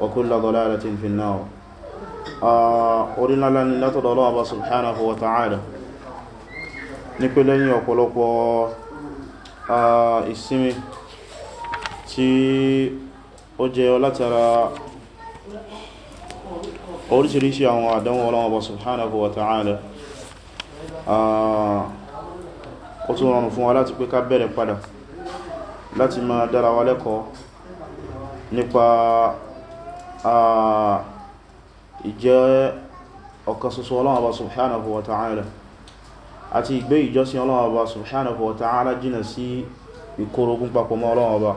وكل ضلالة في النار orílẹ̀ lẹ́ni látọ̀dọ̀ ọlọ́wọ́ bá subhanahu wa ta'ala ní pé lẹ́yìn ọ̀pọ̀lọpọ̀ ìsinmi tí ó jẹ́ látara oríṣìíríṣìí àwọn àdánwò ọlọ́wọ́ bá subhanahu wa ta'ala ó tún rọrùn fún wa láti pé ká bẹ̀rẹ̀ padà láti máa dára wa lẹ́kọ̀ọ́ nípa ìjẹ́ ọ̀kan ṣoṣo Ọlọ́run Ọba subhanahu wa ta'ala àti ìgbé ìjọsìn Ọlọ́run Ọba subhanahu wa ta'ala jìnà sí ìkórógún papọ̀ mọ́ Ọlọ́run Ọba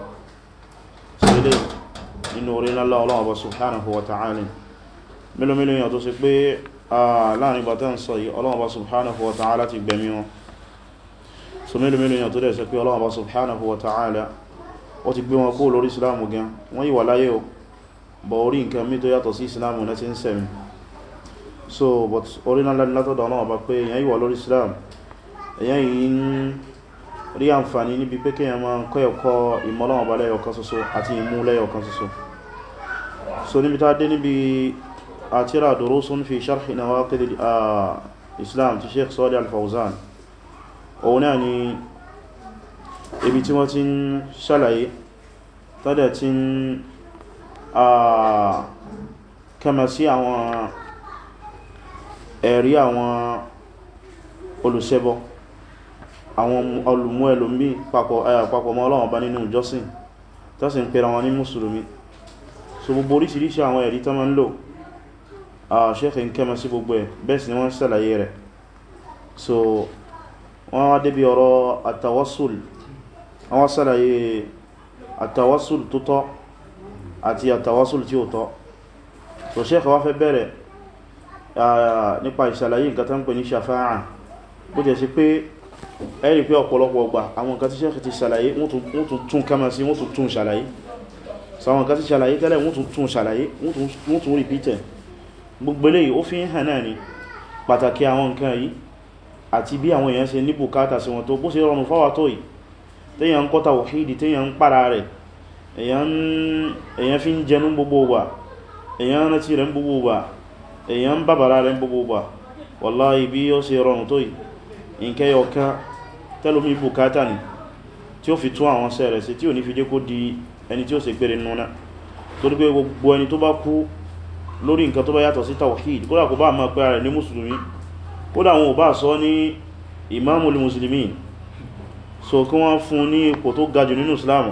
sílé nínú orí lọ́lá Ọlọ́run Ọba subhanahu wa ta'ala mílòmílò yàn tó sì pé láàrin bàtà ń sọ yìí Ọlọ́run Ọba subhanahu wa ta'ala ti gbẹ̀mí wọn bọ̀ orí nǹkan mí tó yàtọ̀ sí islamu náà ti ń sẹ̀mí so but orí náà látọ̀dọ̀ náà bá pé èyàn ìwà lórí islam èyàn yìí ń rí àǹfààní níbi pé kéèyàn máa ń kọ́ ẹ̀kọ́ ìmọ̀lọ́wọ̀n bá lẹ́yọ̀kan ṣoṣo àti ìmú lẹ́yọ̀kan ṣoṣo so níbi tá dé níbi àtírà durusun fi sharhi nawaqid islam ti sheikh sọ́dí al-Fawzan òun ni ibi tí wọ́n ti ń kẹmẹ̀ sí àwọn ẹ̀rí àwọn olùṣẹbọ àwọn olùmú ẹlòmí papọ̀ mọ́ Ọlọ́run bá nínú ìjọsìn tọ́sí ń pèrà wọn ní mùsùlùmí so gbogbo oríṣiríṣi àwọn ẹ̀rí tó máa ń lò ṣẹ́fẹ̀ ń kẹ́mọ̀ sí gbogbo ẹ̀ bẹ́ẹ̀ sì ni wọ́n ṣàlàyé rẹ̀ so wọ́n wá débi ọ̀rọ̀ àtàwọ́sùl àwọn ṣàlàyé àtàwọ́sùl tó tọ́ àti àtàwásùl tí ó tọ́ so sheikh wá fẹ́ bẹ̀rẹ̀ nípa ìṣàlàyé nǹkan tán pè ní ṣàfáà bó jẹ́ sí pé ẹ̀rì pé ọ̀pọ̀lọpọ̀ ọgbà àwọn nǹkan tí sheikh ti ṣàlàyé wọ́n tún tún kama sí wọ́n tún tún ṣàlàyé sàwọn nǹkan tí ṣàlàyé tẹ́lẹ̀ wọ́n tún tún ṣàlàyé wọ́n tún rìpítẹ̀ gbogbo eléyìí ó fi ń hàn náà ni pàtàkì àwọn nǹkan yìí àti bí àwọn èèyàn ṣe ní bùkátà sí wọn tó bó ṣe rọrùn fáwà tó yìí téèyàn ń kọ́ tàwọ̀hídì téèyàn ń pàrà rẹ̀ èyàn fi ń jẹnu gbogbo wà èyàn rántí rẹ̀ gbogbo wà èyàn ń bàbàrà rẹ̀ gbogbo wà wallahi bí ó ṣe rọrùn tó yìí nkẹ́ ọ̀ká tẹ́lómi bùkátà ni tí ó fi tún àwọn ṣẹ́ rẹ̀ sí tí ò ní fi jẹ́ kó di ẹni tí ó ṣe gbére nuna torí pé gbogbo ẹni tó bá kú lórí nǹkan tó bá yàtọ̀ sí tawhid kódà kò bá máa pẹ́ rẹ̀ ní mùsùlùmí kódà wọn ò bá sọ ní imamul muslimin so kí wọ́n fún ní ipò tó ga jù nínú islamu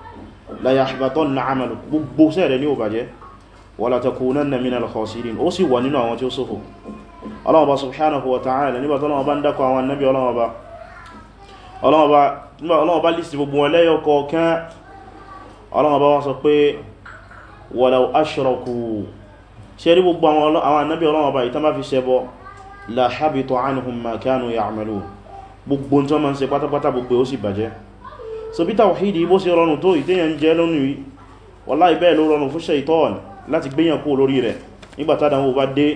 la yahbatanna amalu gbogbo sẹ́rẹ̀ ní òbàjẹ́ wala takunanna minal khasirin ó sì wà nínú àwọn tí ó ṣòfò ọlọ́wọ́ba subhanahu wa ta'ala nígbà tó lọ́wọ́ba ń dákọ àwọn annabi ọlọ́wọ́ba ọlọ́wọ́ba lísì gbogbo wọn lẹ́yọ kọ̀ọ̀kan ọlọ́wọ́ba wọ́n sọ pé walau ashraku ṣe rí gbogbo àwọn annabi ọlọ́wọ́ba ìtàn bá fi ṣẹbọ la habita anhum ma kanu ya'malun gbogbo tí wọ́n máa ń ṣe pátápátá gbogbo ó sì bàjẹ́ so bí tàwàhídì bó ṣe rọrùn tó ìtẹ́yàn jẹ́ lónú yìí wallahi bẹ́ẹ̀ ló rọrùn fún ṣaitọ́n láti gbéyàn kó lórí rẹ̀ nígbàtà àdánwò bá dé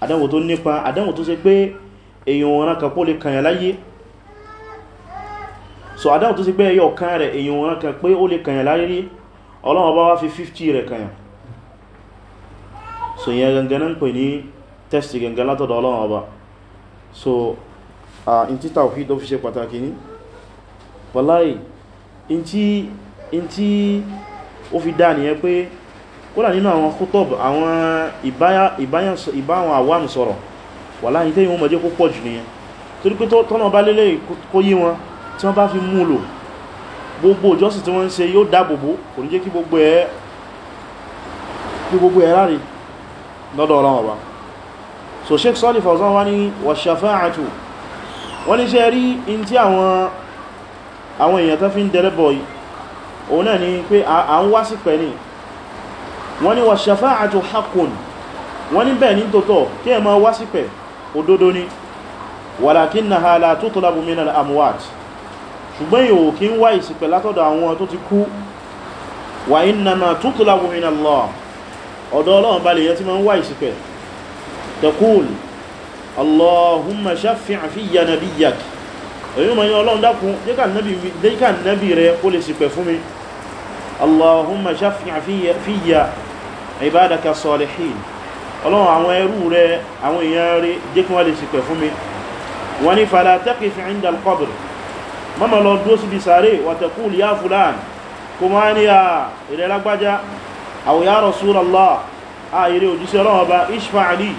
àdánwò tó nípa àdánwò tó ṣe pé èyàn so àdánwò tó ṣe pé ẹyọ kan rẹ̀ èyàn ọ̀ràn kan pé ó lè kàyàn láyé rí ọlọ́wọ́ so ìyẹn gangan ń pè test gangan látọ̀dọ̀ ọlọ́wọ́ ọba so uh, in títà òfin tó fi ṣe pàtàkì ní wàláì in tí in tí ó fi dá nìyẹn pé kódà nínú àwọn kútọ́bù àwọn ìbáwọn àwàm sọ̀rọ̀ wàláì tẹ́yìn wọ́n mọ̀jẹ́ kó pọ̀ jù nìyẹn torí pé tọ́nà bá lélẹ̀ kó yí wọn tí wọ́n bá fi mú lò gbogbo ìjọsìn tí wọ́n ń ṣe yóò dáàbòbò kò ní jẹ́ kí gbogbo ẹ̀ kí gbogbo ẹ̀ ráre lọ́dọ̀ ọ̀rọ̀ ọ̀bá so Sheikh Salih Fawzan wá ní wàṣàfáàtù wọ́n ní ṣe rí in tí àwọn àwọn èèyàn tó fi ń dẹ̀lẹ́bọ̀ yìí òun náà ni pé à ń wá sí pẹ̀ ní wọ́n ni wọ́n shafa'atu haqqun wọ́n ni bẹ́ẹ̀ ní tòótọ́ kí ẹ máa wá sí pẹ̀ òdodo ni walakinnaha la tutlabu minal amwat ṣùgbọ́n yóò kí ń wá ìsìpẹ̀ látọ̀dọ̀ àwọn tó ti kú wa innama ń wá ìsìpẹ̀ taqul Allahumma shaffi' fiyya èyí mọ̀ ní ọlọ́run dákun jẹ́kà nẹ́bì rẹ̀ ó lè ṣìpẹ̀ fún mi allahumma shafi'a fiyya ibadaka salihin ọlọ́run àwọn ẹrú rẹ̀ àwọn èèyàn rẹ̀ jẹ́kà wọ́n lè ṣìpẹ̀ fún mi wọ́n ni fala taqif 'inda al-qabr mọ́mọ̀ lọ dúó síbi sàárè wa taqul ya fulan kò máa ní à ilẹ̀ lágbájá aw ya rasulallah a ilé òjísẹ́ ọlọ́run ọba ishfa'li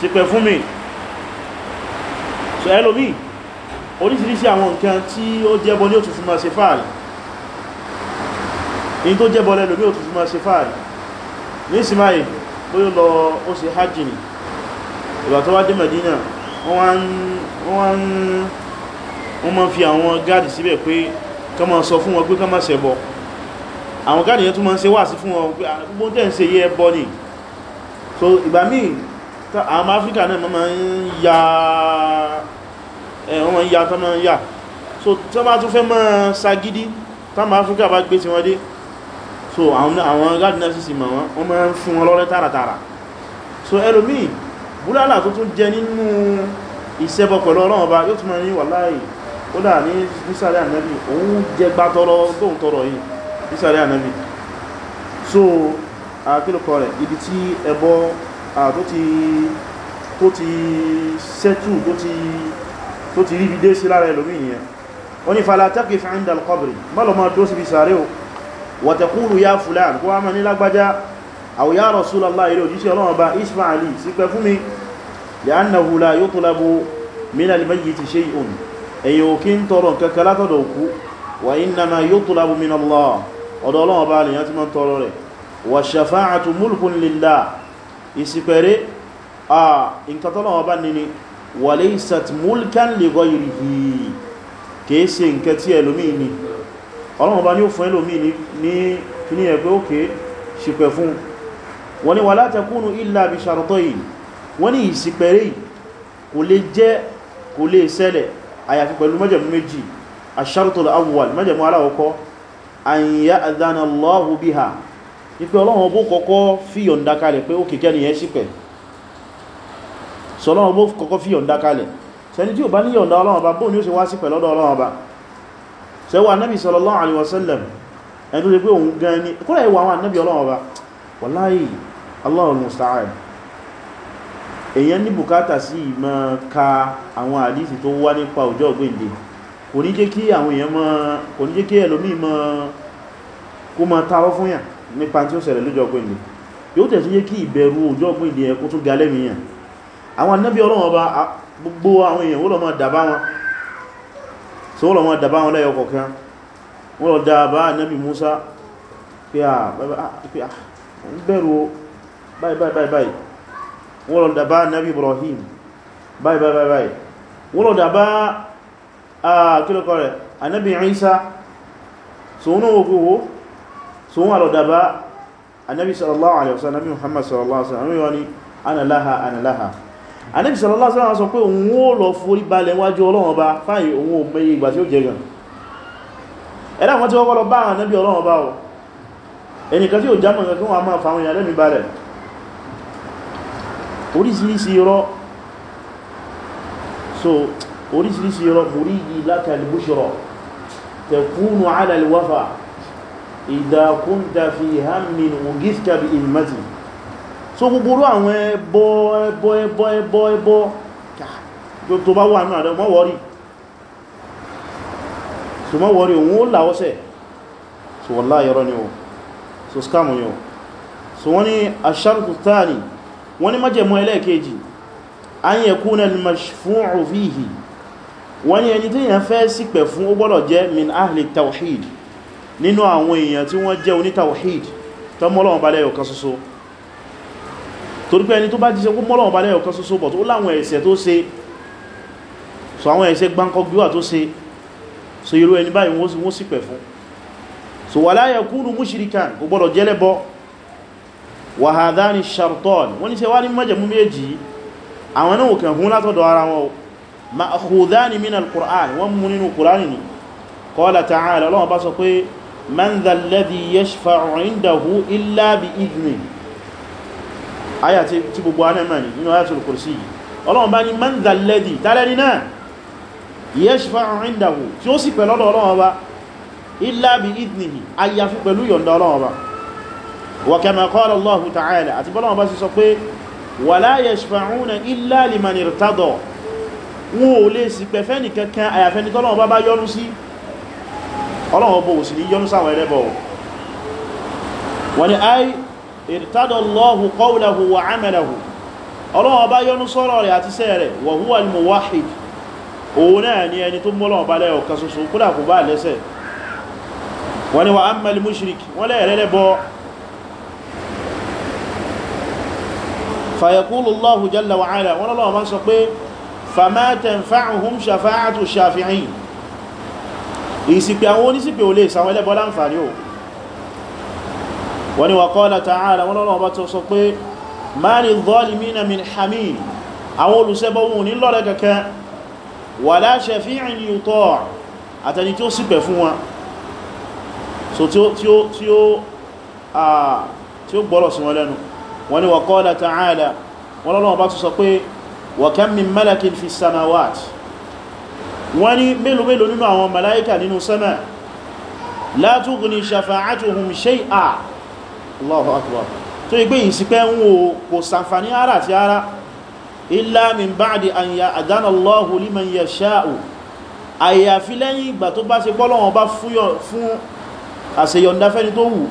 ṣìpẹ̀ fún mi so ẹlòmíì oríṣiríṣi àwọn nǹkan tí ó jẹ́bọ ní òtútù máa ṣe fáàrí in tó jẹ́bọ lẹ́lò ní òtútù máa ṣe fáàrí ní ìsìnmáyì bóyó lọ ó ṣe hajji ni ìgbà tó wá dé Medina wọ́n máa ń fi àwọn gáàdì síbẹ̀ pé ká máa sọ fún wọn pé ká máa ṣẹbọ àwọn gáàdì yẹn tún máa ń ṣe wáàsí fún wọn pé gbogbo tẹ́ ń ṣe yẹ ẹbọ ni so ìgbà míì àwọn Áfíríkà náà máa ń ya wọ́n ma ń ya tán ma ń yà so tán bá tún fẹ́ mọ́ sagidi tán bá Áfíríkà bá gbé tí wọ́n dé so àwọn gardener sì mọ̀ wọ́n wọ́n ma ń fún wọn lọ́rẹ́ tààràtààrà so ẹlòmíì búlálà tó tún jẹ nínú ìṣẹ́bọ pẹ̀lú Ọlọ́run ọba yóò tún ma ní wàláì ó dà ní nísàlẹ̀ ànábì òun jẹ gbá tọrọ tóun tọrọ yìí nísàlẹ̀ ànábì so àkílùkọ rẹ̀ ibi tí ẹbọ àtó ti tó ti sẹ́tù tó tó ti rí fi dé sí lára ẹlòmí ìyẹn ó ní fala taqif 'inda al-qabr mọ́lọ máa dó síbi sàárè o wa taqulu ya fulan kó wá mọ́ ní lágbájá aw ya rasulallah ilé òjíṣẹ́ ọlọ́run ọba ismaili sí pẹ́ fún mi li'annahu la yutlabu min al-mayyiti shay'un èyí ò kí ń tọrọ kankan látọ̀dọ̀ òkú ìsìpẹ̀rẹ̀ nǹkan tọ́lọ́run ọba nini walaysat mulkan li ghayrihi kìí ṣe nǹkan tí ẹlòmíì ni ọlọ́run bá ní ó fún ẹlòmíì ní kíní ẹgbẹ́ òkè ṣìpẹ̀ fún wọ́n ni wala takunu illa bi shartayn wọ́n ni ìsìpẹ̀rẹ̀ kò lè jẹ́ kò lè ṣẹlẹ̀ àyàfi pẹ̀lú májẹ̀mú méjì ash-shartul awwal májẹ̀mú aláwọ̀kọ́ an so Ọlọ́run bó kọ́kọ́ fi yọ̀ǹda kalẹ̀ sẹni tí ò bá ní yọ̀ǹda Ọlọ́run bá bóò ní ó ṣe wá sí pẹ̀lọ́dọ̀ Ọlọ́run bá sẹwà anábì sallallahu alaihi wasallam ẹni tó ṣe pé òun gan ni kúrò ẹwà àwọn anábì Ọlọ́run bá wallahi Allahul musta'an èyàn ní bùkátà sí ìmọ̀ ka àwọn àdísì tó wá nípa ọjọ́ ògbéǹde kò ní jẹ́ kí àwọn èèyàn mọ́ kò ní jẹ́ kí ẹlòmí mọ́ kó mọ́ tààrọ fún yàn nípa tí ó ṣẹlẹ̀ lójọ́ ògbéǹde yóò tẹ̀ sí jẹ́ kí ìbẹ̀rù ọjọ́ ògbéǹde ẹ kó tún ga àwọn annabi ọlọ́wọ́n bá gbogbo àwọn èèyàn wọ́n lọ mọ́ dàbá wọn so wọ́n lọ mọ́ dàbá wọn lẹ́yọ kọ̀kan wọ́n lọ dàbá annabi Musa pé à bẹ̀rù báyìí wọ́n lọ dàbá annabi Ibrahim báyìí báyìí wọ́n lọ dàbá kílọ́kọ́ rẹ̀ annabi Isa so wọ́n wọ́n gbogbo so wọ́n lọ dàbá annabi sallallahu alaihi wasallam Muhammad sallallahu alaihi wasallam ana laha ana laha Ànábì sallallahu alaihi wasallam sọ pé òun ó lọ forí balẹ̀ wájú Ọlọ́run Ọba fáyé òun ò mẹ́yẹ ìgbà tí ó jẹ gan ẹ̀dá wọn tí wọ́n kọ́lọ bá Ànábì Ọlọ́run Ọba o ẹnìkan tí ó jámọ̀ nǹkan kí wọ́n máa fàwọn èèyàn lẹ́mí balẹ̀ oríṣiríṣi irọ́ so oríṣiríṣi irọ́ forí yìí látàlì fi hàmìn ògífkà so gbogbo àwọn ẹbọ ẹbọ ẹbọ ẹbọ ẹbọ tó bá wà náà mọ́ wọ́rí so mọ́ wọ́rí òun ó làwọ́sẹ̀ so wọ́n láyọrọ ni o so scam ni o so wọ́n ni aṣarku tani wọ́n ni májẹ̀mọ́ ẹlẹ́ẹ̀kejì an yẹ kúnà mashfu'u fihi wọ́n ni ẹni tí yẹn fẹ́ sípẹ̀ torí pé ẹni tó bá jíṣẹ́ kó mọ́lọ̀wọ̀n bá lẹ́yọ̀kan ṣoṣo bọ̀ tó láwọn ẹ̀ṣẹ̀ tó ṣe so àwọn ẹ̀ṣẹ̀ gbáǹkọ́gbíwà tó ṣe so irú ẹni báyìí wọ́n sì pẹ̀ fún so wala yakunu mushrikan kò gbọ́dọ̀ jẹ́lẹ́bọ wa hadhani shartan wọ́n ni ṣe wá ní májẹ̀mú méjì àwọn náà kàn hún látọ̀dọ̀ ara wọn ma'khudhani min al-Qur'an wọ́n mú àyà tí gbogbo anẹ́mà ní inú Ayatul Kursi yìí ọlọ́run bá ní man dhal ladhi tálẹ́ni náà yashfa'u 'indahu tí ó sì pẹ̀lú ọ̀dọ̀ ọlọ́run ọba illa bi idnihi àyàfi pẹ̀lú yọ̀ǹda ọlọ́run ọba wa kama qala Allahu ta'ala àti bọ́lọ́run bá sì sọ pé wala yashfa'una illa liman irtada wọn ò lè sì pẹ̀fẹ́ wọ́n ni irtadọ̀ Allahu qawlahu wa amalahu ọlọ́run ọba yọ́nú sọ́rọ̀ rẹ̀ àti sẹ́ rẹ̀ wa huwa al-muwahhid òun náà ni ẹni tó mọ́lọ̀ ọba lẹ́yọ̀ kan ṣoṣo kódà kò bá lẹ́sẹ̀ wọ́n ni wa amma al-mushrik wọ́n lẹ́ẹ̀rẹ́lẹ́ bọ́ fàyẹ̀kúlù Allahu jalla wọ́n ni wa qala ta'ala wọ́n lọ́nà ọba tó sọ pé ma lil zalimina min hamim àwọn olùsẹ́bọ̀ wọn ní lọ́rẹ̀ kẹ́kẹ́ wala shafi'in yuta' àtẹni tí ó sípẹ̀ fún wọn so tí ó gbọ́rọ̀ sí wọn lẹ́nu wọ́n ni ta'ala wọ́n lọ́nà ọba tó sọ pé wa min malakin fi samawat wọ́n ni nínú àwọn màláíkà nínú sánmà la tughni shafa'atuhum shay'a Allahu akbar tó igbé ìsìpẹ́ ń wo kò sàǹfàní ara ti ara illa min ba'di an ya adana Allahu liman yasha'u àyàfi lẹ́yìn ìgbà tó bá ṣe pọ́lọ́wọ́n bá fún àṣeyọ̀ndá fẹ́ni tó wù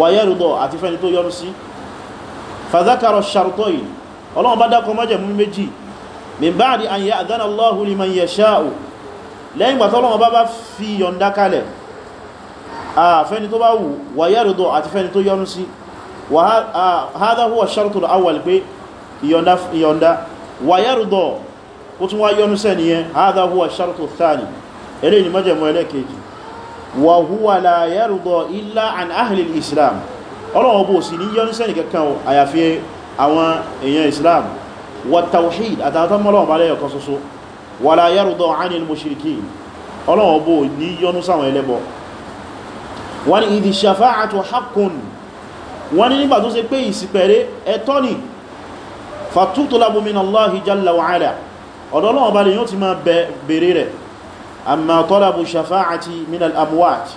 wàyẹ́rùdọ̀ àti fẹ́ni tó yọ́nú sí fàzákàrọ ṣàrùtọ́ yìí ọlọ́wọ́n bá dákọ májẹ̀mú méjì min ba'di an ya adana Allahu liman yasha'u lẹ́yìn ìgbà tọ́lọ́wọ́n bá bá fi yọ̀ndá kalẹ̀ Ah, fẹ́ni tó bá wù wà yẹ́rùdọ̀ àti fẹ́ni tó yọ́nú sí ah, hadha huwa shartul awwal pé ìyọ̀nda wà yẹ́rùdọ̀ ó tún wá yọ́nú sẹ́ni yẹn hadha huwa shartul thani eré ni mọ́jẹ̀mọ́ ẹlẹ́kejì wà huwa la yẹ́rùdọ̀ illa an ahli islam ọlọ́wọ́ bó sì ní yọ́nú sẹ́ni kankan àyàfi àwọn èèyàn islam wà tawhid àtàtà mọ́lọ́wọ́ bá lẹ́yọ̀ kan ṣoṣo wà la yẹ́rùdọ̀ anil mushrikin ọlọ́wọ́ bó ní yọ́nú sáwọn ẹlẹ́bọ̀ọ́ wọ́n ni ìdí ṣàfáàtù haqqun wọ́n ni nígbà tó ṣe pé ìsìpẹ̀rẹ̀ ẹ̀tọ́ ni fatutulabu min Allahi jalla wa ala ọ̀dọ̀ Ọlọ́run bá lè yóò ti máa bèèrè rẹ̀ amma talabu ṣàfáàtì min al-amwat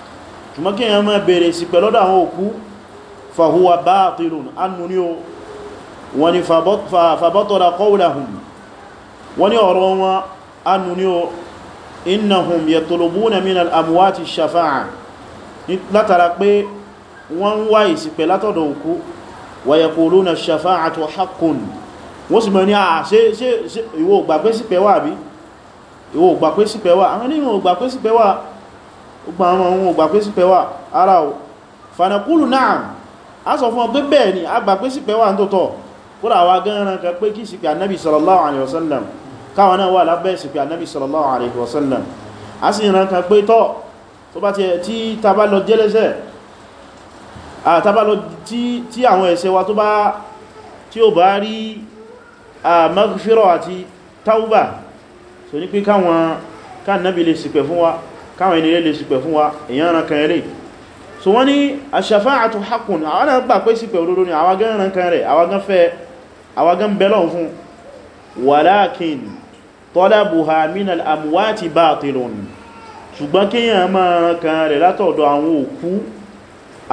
wọ́n ni fabatara qawlahum wọ́n ni ọ̀rọ̀ wọn annu ni o innahum yatulubuna min al-amwati látara pé wọ́n ń wá ìṣìpẹ̀ látọ̀dọ̀ òkú wa yaquluna ash-shafa'atu haqqun wọ́n sì mọ̀ ní àṣẹ ìwọ ò gbà pé ìṣìpẹ̀ wà bí ìwọ ò gbà pé ìṣìpẹ̀ wà àwọn onímọ̀ ò gbà pé ìṣìpẹ̀ wà gbà àwọn ohun ò gbà pé ìṣìpẹ̀ wà ara ò fanaqulu na'am a sọ fún ọ pé bẹ́ẹ̀ ni a gbà pé ìṣìpẹ̀ wà ń tó tọ̀ kódà kan pé kí ìṣìpẹ̀ annabi sallallahu alaihi wasallam káwọn náà wà lábẹ́ ìṣìpẹ̀ annabi sallallahu alaihi wasallam a sì ran kan pé tọ́ tó bá ti ẹ̀ tí tàbá lọ jẹ́lẹ́sẹ̀ àtàbá lọ tí àwọn ẹ̀ṣẹ̀ wa tó bá tí ó bá rí maghfirah àti tauba so ní pé káwọn káànàbí lè ṣìpẹ̀ fún wa káwọn ènìyàn lè ṣìpẹ̀ fún wa èyàn ran kan rẹ̀ so wọ́n ní ash-shafa'atu haqqun àwọn àgbà pé ṣìpẹ̀ òdodo ni àwọn gan kan rẹ̀ àwọn fẹ́ àwọn bẹ́lọ̀ fún walakin talabuha minal amwati batilun ṣùgbọ́n kíyàn máa kan rẹ̀ látọ̀dọ̀ àwọn òkú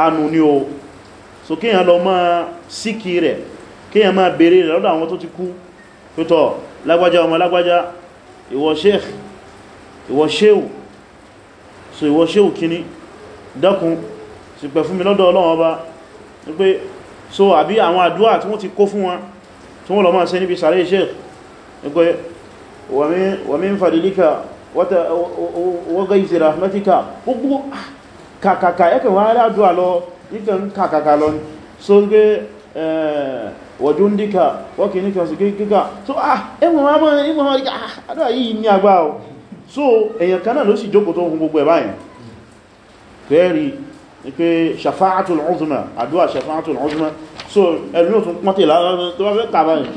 anù ni o so kíyàn lọ máa síkì rẹ̀ kíyàn máa bèèrè rẹ̀ lọ́dọ̀ àwọn tó ti kú pẹ́tọ̀ lágbájá ọmọ lágbájá ìwọ sheikh ìwọ shehu so ìwọ shehu kíní dákun sì pẹ̀ fún mi lọ́dọ̀ Ọlọ́run wọ́gá ìsẹ̀ rahmatika gbogbo kàkàkà ẹkẹ̀ wọ́n aládùá lọ ìkẹ̀ kàkàkà lọ so ń gbé wọ̀dúndíkà wọ́kì ní kẹsù kíkà so ah ẹwọ̀n wọ́n mọ́ ìwọ̀n wọ́n ríkà àdúrà yìí ní agbá o so èyàn kan náà ló sì jókòó tó hun gbogbo ẹ̀ báyìí kẹ́rì ní pé shafa'atul uzma àdúrà shafa'atul uzma so ẹ̀rù ní òtún pọ́ntẹ̀ lára tó wọ́n fẹ́ kà báyìí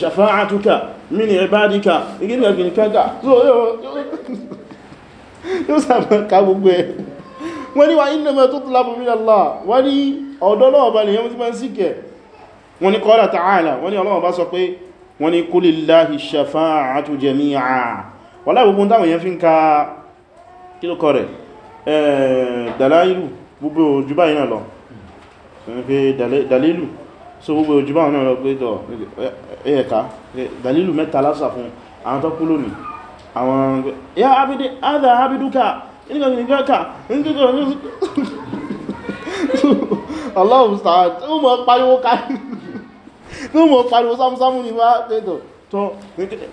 ṣàfáàtúkà mini ẹbádíkà ìgbìyànjú gìnìkẹ́gà so yóò sàmà ká gbogbo ẹ̀ wọ́n ni wà ní ẹmẹ́ tó tùlábù min Allah wọ́n ni ọ̀dọ́ náà bá nìyàn tí ma ń síkẹ̀ wọ́n ni qala ta'ala wọ́n ni Ọlọ́run bá sọ pé wọ́n ni qulillahi shafa'atu jami'a wọ́lá so gbogbo ojúbá náà lọ pé tọ̀ ẹ̀ẹ̀ká dalilu mẹ́ta lásà fún àwọn tó kú lónìí àwọn ya abidi adha abiduka nígbà nígbà ká nígbà Allahu sa'ad ó mọ̀ pariwo ká ní ó mọ̀ pariwo sámúsámú ní bá tẹ́tọ̀ tó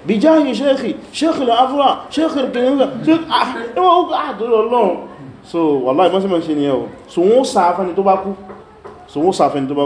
bí jáyì ṣéèkì ṣéèkì lọ afúrà ṣéèkì kìnnìyàn ṣéèkì ah ẹwọ́n ó ah, so wallahi mọ́sí mọ́ ni ẹ̀ o so wọ́n sáfẹ́ni tó bá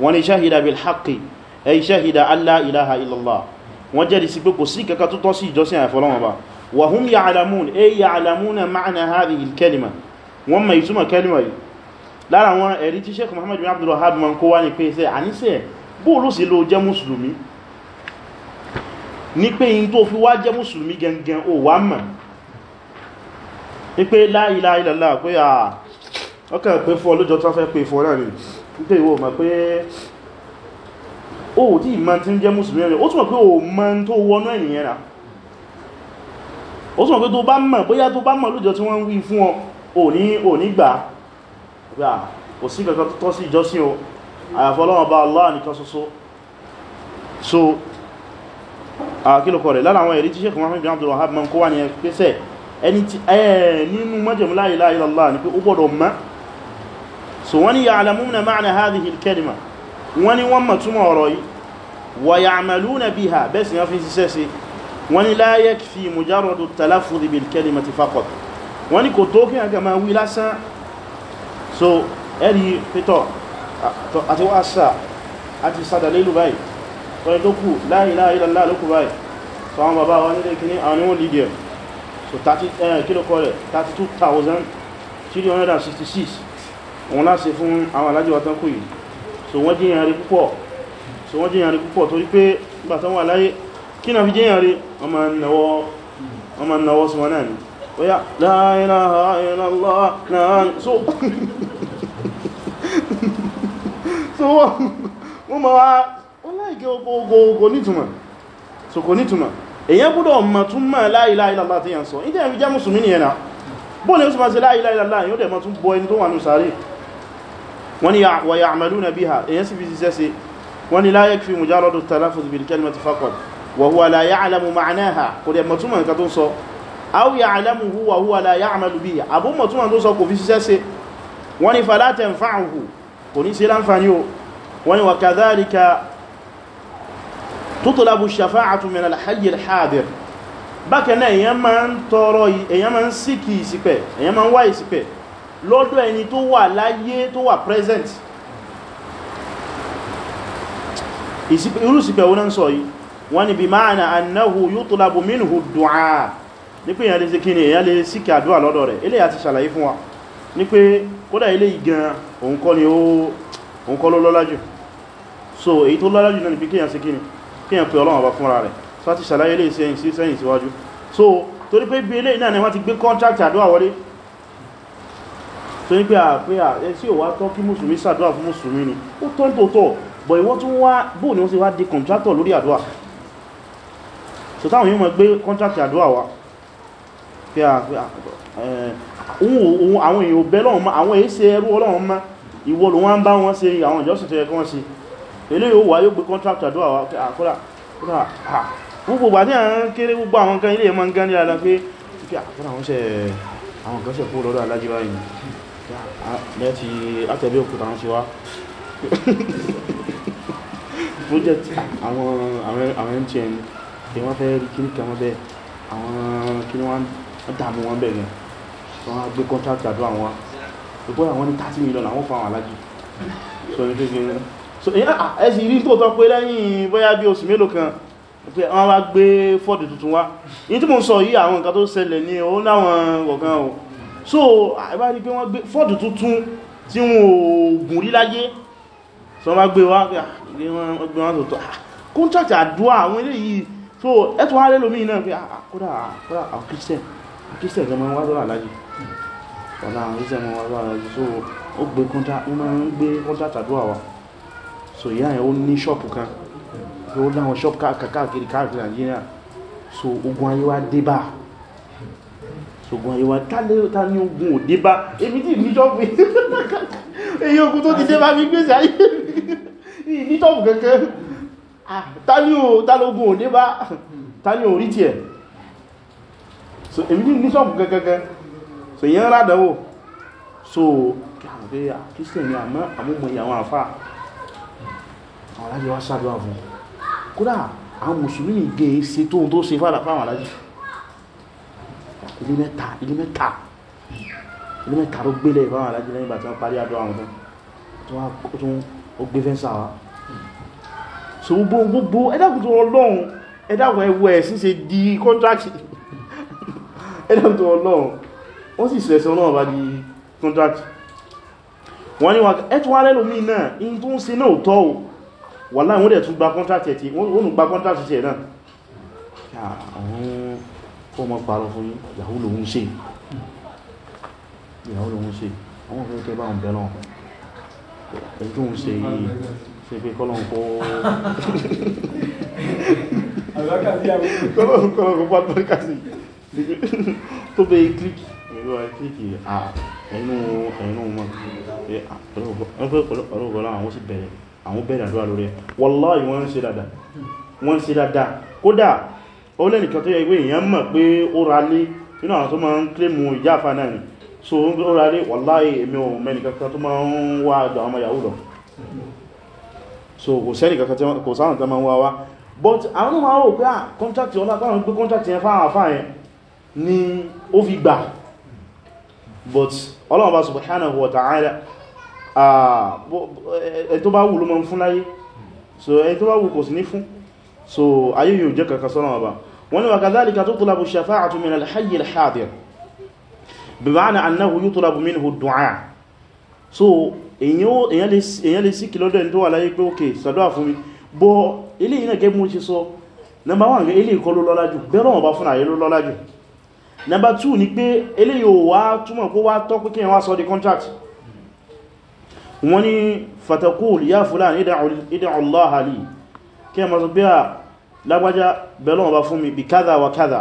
wọ́n ni ṣáhìdà bil haqqi ay ṣáhìdà alla ilaha illallah wọ́n jẹ́rìí sí pé kò sí kankan tó tọ́ sí ìjọsìn àfọlọ́wọ́n ba wa hum ya'lamun ay ya'lamuna ma'na hadhihi al-kalima wọ́n mọ̀ ìtumọ̀ kalima yìí lára wọn ẹ̀rí tí sheikh muhammad bin abdul wahab man kó wá ní pé ṣe àníṣe bóòlù à ọkà pé fọ́ lójọ́ tó ah, fẹ́ pé fọ́ náà nítorí ìwọ mọ̀ pé o tí ìmọ̀ tí ń jẹ́ mùsùlùmí rẹ̀ ó túnmọ̀ pé o mọ̀ tó wọnú ènìyàn rà ó túnmọ̀ pé tó bá mọ̀ bóyá tó bá mọ̀ lójọ tí wọ́n ń wí fún ọ ò ní ò ní gbà gbà sí kankan tó sí ìjọsìn o àyàfọ́lọ́wọ́n bá Allah so wani ya'lamuna ma'na hadhihi al-kalima wani wọ́n ma túmọ̀ ọ̀rọ̀ yìí wa ya'maluna biha bẹ́ẹ̀ sì yan fi ṣiṣẹ́ sí wani la yakfi mujarradu at-talaffuz bil kalimati faqat wani kò tó kí aga máa wí lásán so ẹ̀rí pẹ́tọ̀ àti wá sá àti sádà lélu báyìí ọ̀rẹ́ tó kù la ilaha illallah lókù báyìí so àwọn bàbá wa nílé kìíní àwọn níwọ̀n lìdíẹ̀ so 32,366 òun náà ṣe fún àwọn alájì wa yìí so wọ́n jíyàn rí púpọ̀ so wọ́n jíyàn rí púpọ̀ torí pé nígbà tán wà láyé kí náà fi jíyàn rí ọmọ náwọ́ sí wọn náà ni oya la so so wọ́n ma wá wọ́n láìgẹ́ ogogogo nítumọ̀ so kò nítumọ̀ èyàn gbọ́dọ̀ ma tún mọ̀ la ilaha illallah tí yàn sọ ìdẹ́ ìjẹ́ musulmi ni ẹ̀nà bóòlù la ilaha illallah yóò dẹ̀ wọ́n ni wa ya'maluna biha èyàn sì fi ṣiṣẹ́ sí wọ́n ni la yakfi mujarradu at-talaffuz bil kalimati faqat wa huwa la ya'lamu ma'naha kò dẹ̀ mọ̀túnmọ̀ nǹkan tó ń sọ aw ya'lamuhu wa huwa la ya'malu bihi àbú mọ̀túnmọ̀ tó sọ kò fi ṣiṣẹ́ sí wọ́n fala tanfa'uhu kò ní sí láǹfààní o wọ́n wa kadhalika tutlabu shafaatu min al-hayy al-hadir bákan náà èyàn máa ń tọrọ èyàn máa ń síkì ìsìpẹ̀ èyàn lọ́dọ̀ ẹni tó wà láyé tó wà present irúsìpẹ̀ wọ́n ń sọ yìí wọ́n ni bí máa na annahu yutlabu minhu du'a ní pé èyàn lè ṣe kíni èyàn lè síkẹ̀ àdúwà lọ́dọ̀ rẹ̀ ilé àti ṣàlàyé fún wa ní pé kódà ilé ìgan òun kọ́ ni òun kọ́ ló lọ́lájù so èyí tó lọ́lájù náà ni pé kíyàn ṣe kíni kíyàn pé ọlọ́run ọba fúnra rẹ̀ so àti ṣàlàyé ilé ìsẹ́yìn sí sẹ́yìn síwájú so torí pé bí ilé náà ni wọ́n ti gbé contract àdúwà wọlé so ní pé àpé àẹ tí ò wá tọ́ kí mùsùlùmí ṣàdúrà fún mùsùlùmí ni ó tọ́ tòótọ́ bọ̀ ìwọ́n tún wá bóò ni wọ́n ti wá di kọ̀ntrátọ̀ lórí àdúrà so táwọn yíò mọ̀ gbé kọ́ntrátì àdúrà wa pé àwọn èèyàn bẹ́ lọ́wọ́n má àwọn èé ṣe ẹrú ọlọ́wọ́n má ìwọ ló wọ́n bá wọn ṣe àwọn ìjọsìn tẹ́yẹ kán ṣe ilé yóò wá yóò gbé kọ́ntrátì àdúrà wa pé àkọ́lá gbogbo gbà ní àwọn kéré gbogbo àwọn kan ilé ẹ̀mọ́ ń gán ní ara pé àkọ́lá àwọn kan ṣe kó lọ́dọ̀ alájíwá yìí lẹ́tí látẹ̀bí òkúta ń ṣe wá project àwọn mtn tí wọ́n fẹ́ rí kíníkà wọ́n bẹ́ẹ̀ àwọn kíní wọ́n dààmú wọn bẹ̀ wọ́n gbé contract àdúrà wọn ìpò àwọn ní 30 million àwọn fáwọn alájì so ní tó ṣe so ah, ẹ sì rí tóòtọ́ pé lẹ́yìn bóyá bí oṣù mélòó kan pé wọ́n wá gbé fọ́ọ̀dù tuntun wá so àbá ní pé wọ́n gbé fọ́dù tuntun tí wọ́n ogun rí láyé so wọ́n gbé wá ah, gbé wọ́n tó tọ́ kọ́ntàtì ah, àdúwà àwọn ilé yìí so ẹ̀tọ́ wá lé lómi náà pé àkúrà àkúrà àkíṣẹ́ àkíṣẹ́ ìjọba wá lọ́wà láyé ọ̀nà àkíṣẹ́ wọn wá lọ́wà láyé so ó gbé kọ́ntàtì àdúwà wa so ìyá ẹ̀ ó ní ṣọ́ọ̀pù kan ó láwọn ṣọ́ọ̀pù káàkiri káàkiri Nàìjíríà so ogun ayé wá dé báà ṣogun àyíwá kálẹ̀ ta ní ogun ò dé bá èmi tí níjọ́bù èyí ogun tó ti dé bá mi gbèsè ayé níjọ́bù kẹ́kẹ́ ah, ta ní ogun ò dé bá ta ní orí tí ẹ̀ so èmi tí níjọ́bù kẹ́kẹ́kẹ́ so yẹn rádẹ̀wò so kí ah, kírísítẹ̀ni àmọ́ àmúmọ̀ ìyàwó àfá àwọn alájẹ́ wá sáàdọ́ àfún kódà àwọn mùsùlùmí gẹ̀ẹ́sẹ̀ tóhun tó ṣe fàdà fáwọn alájẹ́ ilé mẹ́ta ilé mẹ́ta ilé mẹ́ta ló gbélé ìbáwọn alájí lẹ́yìn ìgbà tí wọ́n parí àdúrà wọn tán ó gbé fẹ́ǹsà wá so gbogbo ẹ̀dàkùtù ọlọ́run ẹ̀dàkùn ẹwọ ẹ̀ síse di kọ́ntrakì ẹ̀dàkùtù ọlọ́run wọ́n sì sẹ̀sẹ̀ náà bá di kọ́ntrakì wọ́n ni ẹ̀tù wá lẹ́lòmí náà in tó ń ṣe náà tọ́ o wà láì wọ́n dẹ̀ tún gba kọ́ntrakì ẹ̀ tí wọ́n gba kọ́ntrakì ẹ̀ náà kó mọ́ parọ́ fún yàwó lòun ṣe ìyàwó lòun ṣe àwọn òfin tẹ́ bá ń bẹ̀ náà ẹni tó ń ṣe yìí ṣe pé kọ́lọ̀ ń kó kọ́lọ̀ kó pàtàkì kásì tó bẹ kíríkì ìlú wa kíríkì ẹnu ẹnu wọn pẹ̀lú ọ̀gọ́lá àwọn sì bẹ̀rẹ̀ àwọn bẹ̀rẹ̀ àdúrà lórí wọ́lá ìwọ́n ń ṣe dáadáa wọ́n ń ṣe dáadáa kódà ó lẹ́nìkan tó yẹ pé èèyàn mọ̀ pé ó ra lé nínú àwọn tó máa ń kílèmù ìjáfà náà ni so ó ra lé wàláhì èmi ò mẹ́ni kankan tó máa ń wá àjọ àwọn yahoo lọ so kò sẹ́ni kankan kò sáwọn tó máa ń wá wá but àwọn náà máa rò à kọ́ntàkì ọlá táwọn kọ́ntàkì yẹn fáwọn àfáà yẹn ni ó fi gbà but Ọlọ́run bá subhanahu wa ta'ala ẹ̀ tó bá wù ló máa fún láyé so ẹ̀ bá wù kò sí ní fún so ayé yóò jẹ́ kankan sọ́rọ̀ ọba wani wa kazalika tutlabu shafa'atu min al-hayy al-hadir bi ma'ana annahu yutlabu minhu ad-du'a so eyan eyan le si kilo den tó wà láyé pé okay ṣàdúà fún mi bo ilé ina ge mo se so number 1 ilé ko lo lọ́lájù be ron ba fún aye lo lọ́lájù number 2 ni pé ilé yo wa túmọ̀ ko wa to pe kiyan wa so the contract wọ́n ní fatakul ya fulan ida'u ida'u Allah li kiyan ma so bi a ah, lágbájá bẹ̀lọ́wọ̀n bá fún mi bí kádà wà kádà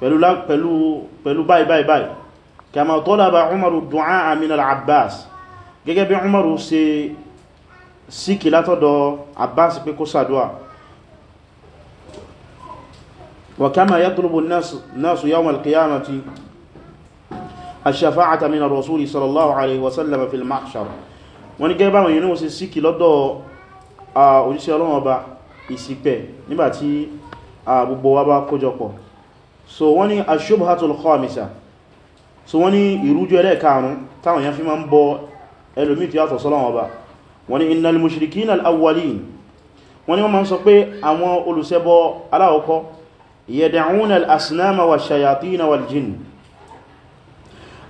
pẹ̀lú báyìí báyìí báyìí kama tọ́lába umaru du'a min al-abbas gẹ́gẹ́ bí umaru ṣe síkì látọ́dọ̀ abbas pé kó sàdúwà wa kama yatlubu nasu yawm al-qiyamati ash-shafa'ata min ar-rasuli sallallahu alaihi wasallam fil mahshar wani gẹ́gẹ́ báwọn yìí ní wọ́n ṣe síkì lọ́dọ̀ ìṣìpẹ̀ nígbàtí gbogbo wa bá kójọpọ̀ so wọ́n ni ashubhatul khamisa so wọ́n ni ìrújú ẹlẹ́ẹ̀karùn táwọn yẹn fi ma ń bọ ẹlòmí tí yàtọ̀ sọ́lọ́wọ́ ba wọ́n ni innal mushrikina al-awwalin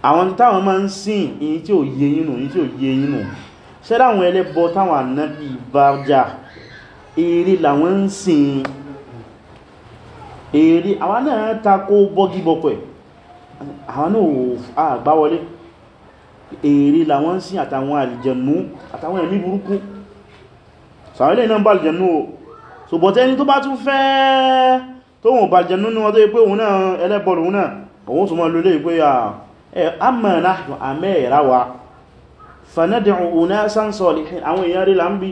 àwọn táwọn ma ń sìn èyí tí ò yẹ yínú èyí tí ò yẹ yínú sẹ́láwọn ẹlẹ́bọ táwọn ànábì bá jà eré làwọn ń sìn eré àwọn náà takó bọ́gíbọ́pẹ̀ àwọn náà àgbáwọlé eré làwọn ń sìn àtàwọn àlìjẹ̀nú àtàwọn ẹ̀mí burúkú sàwẹ́lẹ̀ iná bá àlìjẹ̀nú o so bọ̀ tẹ́ni tó bá tún fẹ́ tó wọ́n bá àlìjẹ̀nú ní wọ́n tó pé òun náà ẹlẹ́bọ̀lù òun náà òun tó mọ́ lólé pé àmàrà àmẹ́ẹ̀ráwà fanad'u unasan salihin àwọn èèyàn rí là ń bí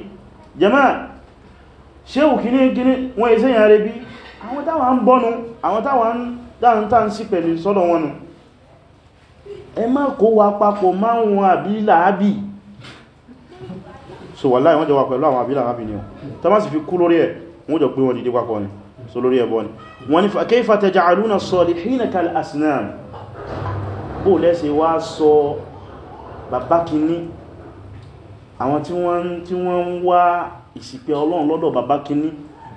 jẹ́máà ṣéhù kìíní kìíní wọ́n èsẹ́ ìyàn rẹ̀ bí àwọn táwà ń bọ́nu àwọn táwà ń dáńtà ń sí pẹ̀lú sọ́dọ̀ wọn nù ẹ má kó wa papọ̀ má wọn àbí làábì so wà láì wọ́n jọ wà pẹ̀lú àwọn àbí làábì ni ta má sì fi kú lórí ẹ̀ wọ́n jọ pé wọ́n dìde papọ̀ ni so lórí ẹ̀ ni wọ́n ni kayfa taj'aluna as-salihina kal ìsìpẹ́ ọlọ́run lọ́dọ̀ bàbá kìíní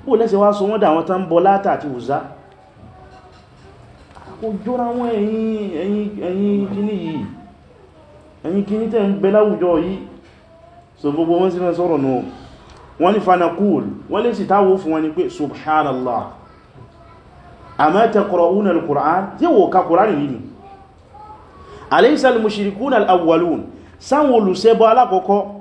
ó lẹ́sẹ̀ wá sọ wọ́n dà àwọn tán bọ́ látà àti òzá kò jọra wọn ẹ̀yin kìíní yìí ẹ̀yin kìíní tẹ́ ń bẹ láwùjọ yìí so gbogbo wọn sí fẹ́ sọ̀rọ̀ nù wọ́n ní fanakul wọ́n lè sì táwọ́ fún wọn ni pé subhanallah àmọ́ taqra'una al-Qur'an yíwò ka Qur'an yìí ni alaysa al-mushrikuna al-awwalun sáwọn olùṣẹbọ alákọ̀ọ́kọ́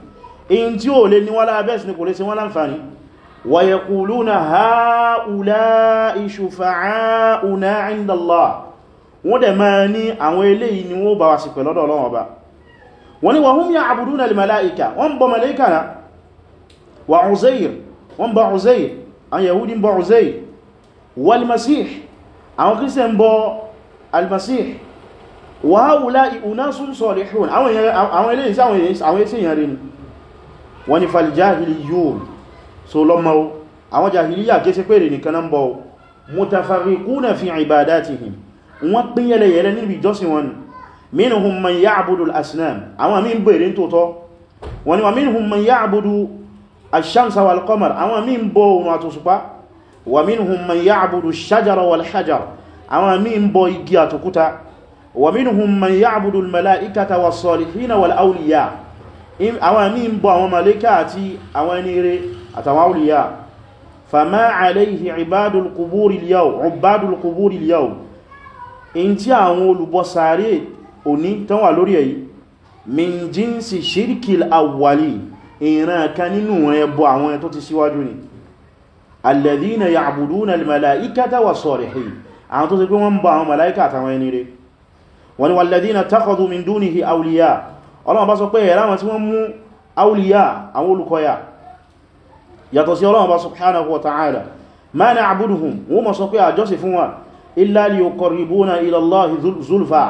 in tí ó lè ní wọ́n lábẹ́ sí ni kò lè sí wọ́n láǹfàní wa yaquluna ha'ula'i shufa'a'una 'inda Allah wọ́n dẹ̀ máa ní àwọn eléyìí ni wọ́n bá wá sí pẹ̀lú ọ̀dọ̀ Ọlọ́run Ọba wọ́n ni wa hum ya'buduna al-mala'ika wọ́n bọ mẹ́lẹ́kà na wa Uzair wọ́n bọ Uzair àwọn àwọn Christian bọ al ìyàrin wọ́n ni faljahili yóò so lọ́mọ o àwọn jahiliya kése pèrè nìkan náà bọ̀ mutafarriquna fi ibadatihim wọ́n pín yẹlẹyẹlẹ níbi ìjọsìn wọn minhum man ya'budu al-asnam àwọn àmì ń bọ àwọn màlẹ́kà àti àwọn ẹni rẹ̀ àtàwọn awliya fama alayhi ibadul quburi al-yawm ibadul quburi al-yawm in tí àwọn olùbọ̀sàárè òní tán wà lórí èyí min jinsi shirkil awwali ìran kan nínú ẹbọ àwọn tó ti síwájú ni alladhina ya'buduna al-mala'ikata salihin àwọn tó ṣe pé wọ́n ń bọ àwọn màlẹ́kà àtàwọn ẹni rẹ̀ wọ́n walladhina takhadhu min dunihi awliya ọlọ́run bá sọ pé ẹ̀rá wọn tí wọ́n mú awliya àwọn olùkọyà yàtọ̀ sí ọlọ́run bá subhanahu wa ta'ala ma na'buduhum wọ́n mọ̀ sọ pé àjọ́sì fún wa illa liyuqarribuna ila Allahi zulfa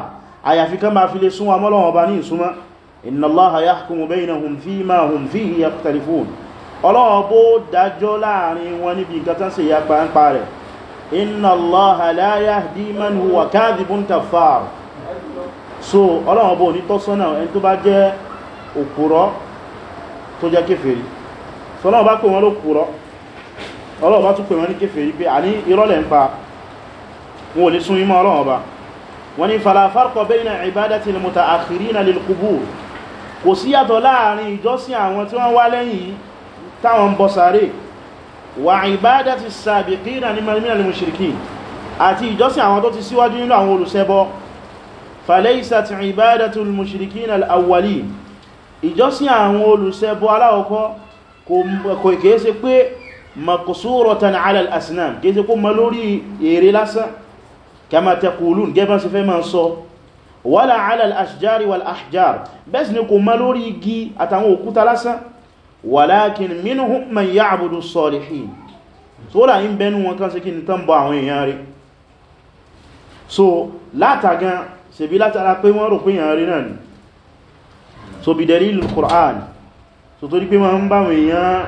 àyàfi kan bá fi lè súnwà mọ́lọ́wọ́n bá ní ìsúnmọ́ inna Allaha yahkumu baynahum fima hum fihi yakhtalifun so ọlọ́run bó ní tọ́sọ́nà ẹni tó bá jẹ́ òkúrọ́ tó jẹ́ kéfèrí so ọlọ́run bá pè wọ́n ló kúrọ́ ọlọ́run bá tún pè wọ́n ní kéfèrí pé àní irọ́lẹ̀ ń pa wọn ò sún imọ́ ọlọ́run bá wọ́n ní fala farqa bayna ibadati al-muta'akhirina lil-qubur kò sí yàtọ̀ láàrin ìjọsìn àwọn tí wọ́n wá lẹ́yìn táwọn ń sáré wà ibadati as-sabiqina min al-mushrikin àti ìjọsìn àwọn tó ti síwájú nínú àwọn olùṣẹbọ falaysat ibadatul mushrikin al-awwalin ìjọsìn àwọn olùṣẹbọ aláwọ̀kọ́ kò kéése pé maqsuratan ala al-asnam kéése kó ma lórí ère lásán kama taqulun gẹ́bọ́n sí fẹ́ ma sọ wala ala al-ashjari wal-ahjar bẹ́ẹ̀sì ni kò ma lórí igi àtàwọn òkúta lásán walakin minhum man ya'budu as-salihin sóra yí bẹnu wọn kan sí kí ni tán bọ àwọn èèyàn so látàgán ṣebí látara pé wọ́n rò pé yàn rí náà ni so bí dẹ̀rí ìlú Qur'an so torí pé wọ́n ń bá àwọn èèyàn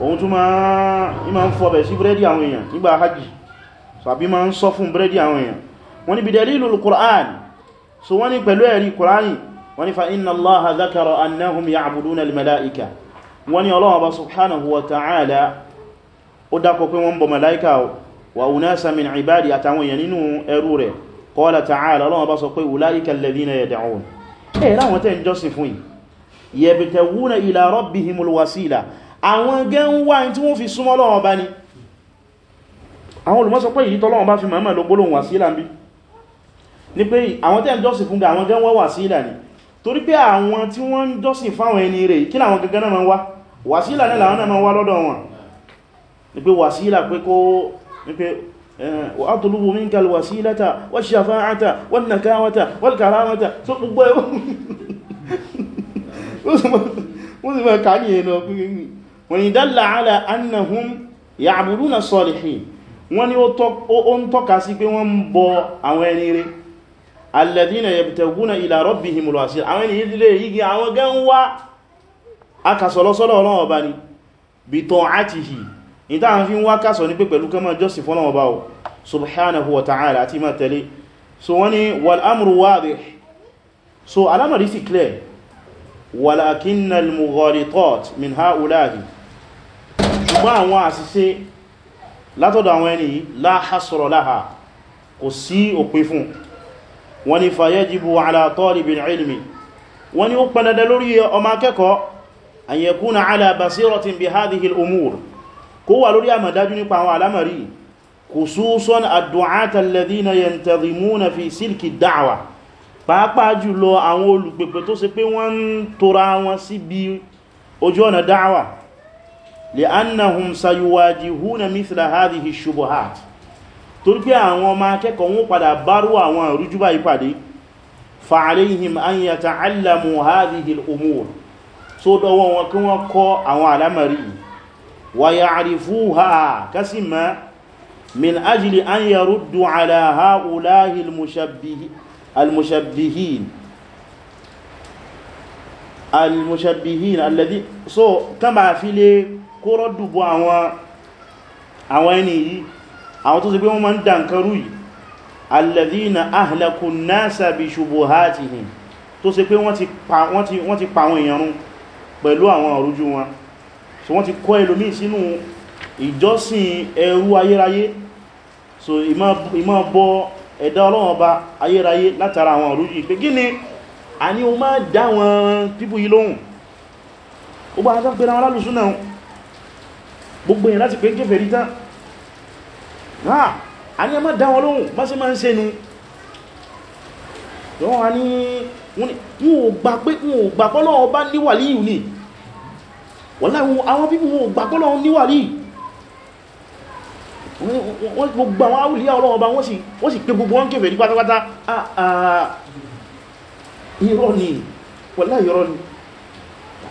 ohun tó máa ń fọ́bẹ̀ sí búrẹ́dì àwọn èèyàn nígbà hajji so àbí máa ń sọ fún búrẹ́dì àwọn èèyàn wọ́n ní bí dẹ̀rí ìlú Qur'an so wọ́n ní pẹ̀lú ẹ̀rí Qur'an wọ́n ní fa inna Allaha dhakara annahum ya'buduna al-mala'ika wọ́n ní Ọlọ́hun Ọba subhanahu wa ta'ala ó dákọ̀ pé wọ́n bọ mala'ika wa unasa min ibadi àtàwọn èèyàn nínú ẹrú rẹ̀ qala ta'ala ọlọ́wọ́ bá sọ pé ulaika alladhina yad'un ẹ̀ láwọn tẹ́ ń jọ́sìn fún yìí yabtaguna ila rabbihimul wasila àwọn gẹ́n wá tí wọ́n fi súnmọ́ Ọlọ́run bá ní àwọn olùmọ́sọ pé ìyí tọ́lọ́run bá fi mọ̀mọ̀ ló gbólóhùn wasila ń bí ní pé àwọn tẹ́ ń jọ́sìn fún àwọn gẹ́n wá wasila ní torí pé àwọn tí wọ́n ń وأطلب منك الوسيلة والشفاعة والنكاوة والكرامة so gbogbo ẹwọ́ wọ́n sì máa kàáyí ẹ̀nà ọkùnrin wọ́n ni dalla ala annahum ya'buduna salihin wọ́n ni ó ń tọ́ka sí pé wọ́n ń bọ àwọn ẹni ní táà fi ń wá kásọ̀ ní pé pẹ̀lú kama jọ́sì fọ́nà ọba o subhanahu wa ta'ala àti ma tẹ̀lé so wani wal amru wadih so alamari si clear walakinna al-mughalitat min ha'ulahi ṣùgbọ́n àwọn àṣìṣe látọ̀dọ̀ àwọn ẹni la hasra kò sí òpin fún wọ́n ní fayajibu ala talibil ilmi wọ́n ní ó pẹ̀lẹ̀dẹ̀ lórí ọmọ akẹ́kọ̀ọ́ an yakuna ala basiratin bi hadhihi al-umur kó wà lórí àmàdájú nípa àwọn alámàrí khususan ad-du'ata alladhina yantazimuna fi silki da'wa pàápàá jùlọ àwọn olùgbègbè tó ṣe pé wọ́n ń tora wọn sí bí ojú ọ̀nà da'wa li'annahum sayuwajihuna mithla hadhihi ash-shubuhat torí pé àwọn ọmọ akẹ́kọ̀ọ́ wọn padà bárú àwọn ويعرفوها كسما من أجل أن يردوا على هؤلاء المشبه المشبهين المشبهين الذي so كما في لي kó rọ́dù bọ́ àwọn ẹni yìí àwọn tó sì pé wọ́n ma ń dà nǹkan rú yìí alladhina ahlaku nasa bi shubuhatihim tó sì pé wọ́n ti pa àwọn èèyàn run pẹ̀lú àwọn ọ̀rújú wọn so wọ́n ti kọ́ ẹlòmí sínú ìjọsìn ẹrú ayérayé so ìmá bọ ẹ̀dá Ọlọ́run Ọba ayérayé látara àwọn òrújú ìpé gíní a ní o máa dá wọn pípù yìí lóhùn ó bá sápẹ́ra wọn lálùsún náà gbogbo èyàn láti pé kéfèrí tán náà a ní a máa dá wọn lóhùn bá sí máa ń sẹ́nu wọ́n wá ní wọ́n ò gbà pé wọ́n ò gbà pé Ọlọ́run Ọba ní wàlíyù ni wọ́n láwọn àwọn pípù wọn gbà pọ́lọ̀ níwà rí wọ́n gbogbo àwọn àwùlíyà ọlọ́wọ́ bá wọ́n sì pé gbogbo wọn kèfèrí pátápátá ah, ah, irọ́ ni wọ́lá irọ́ ni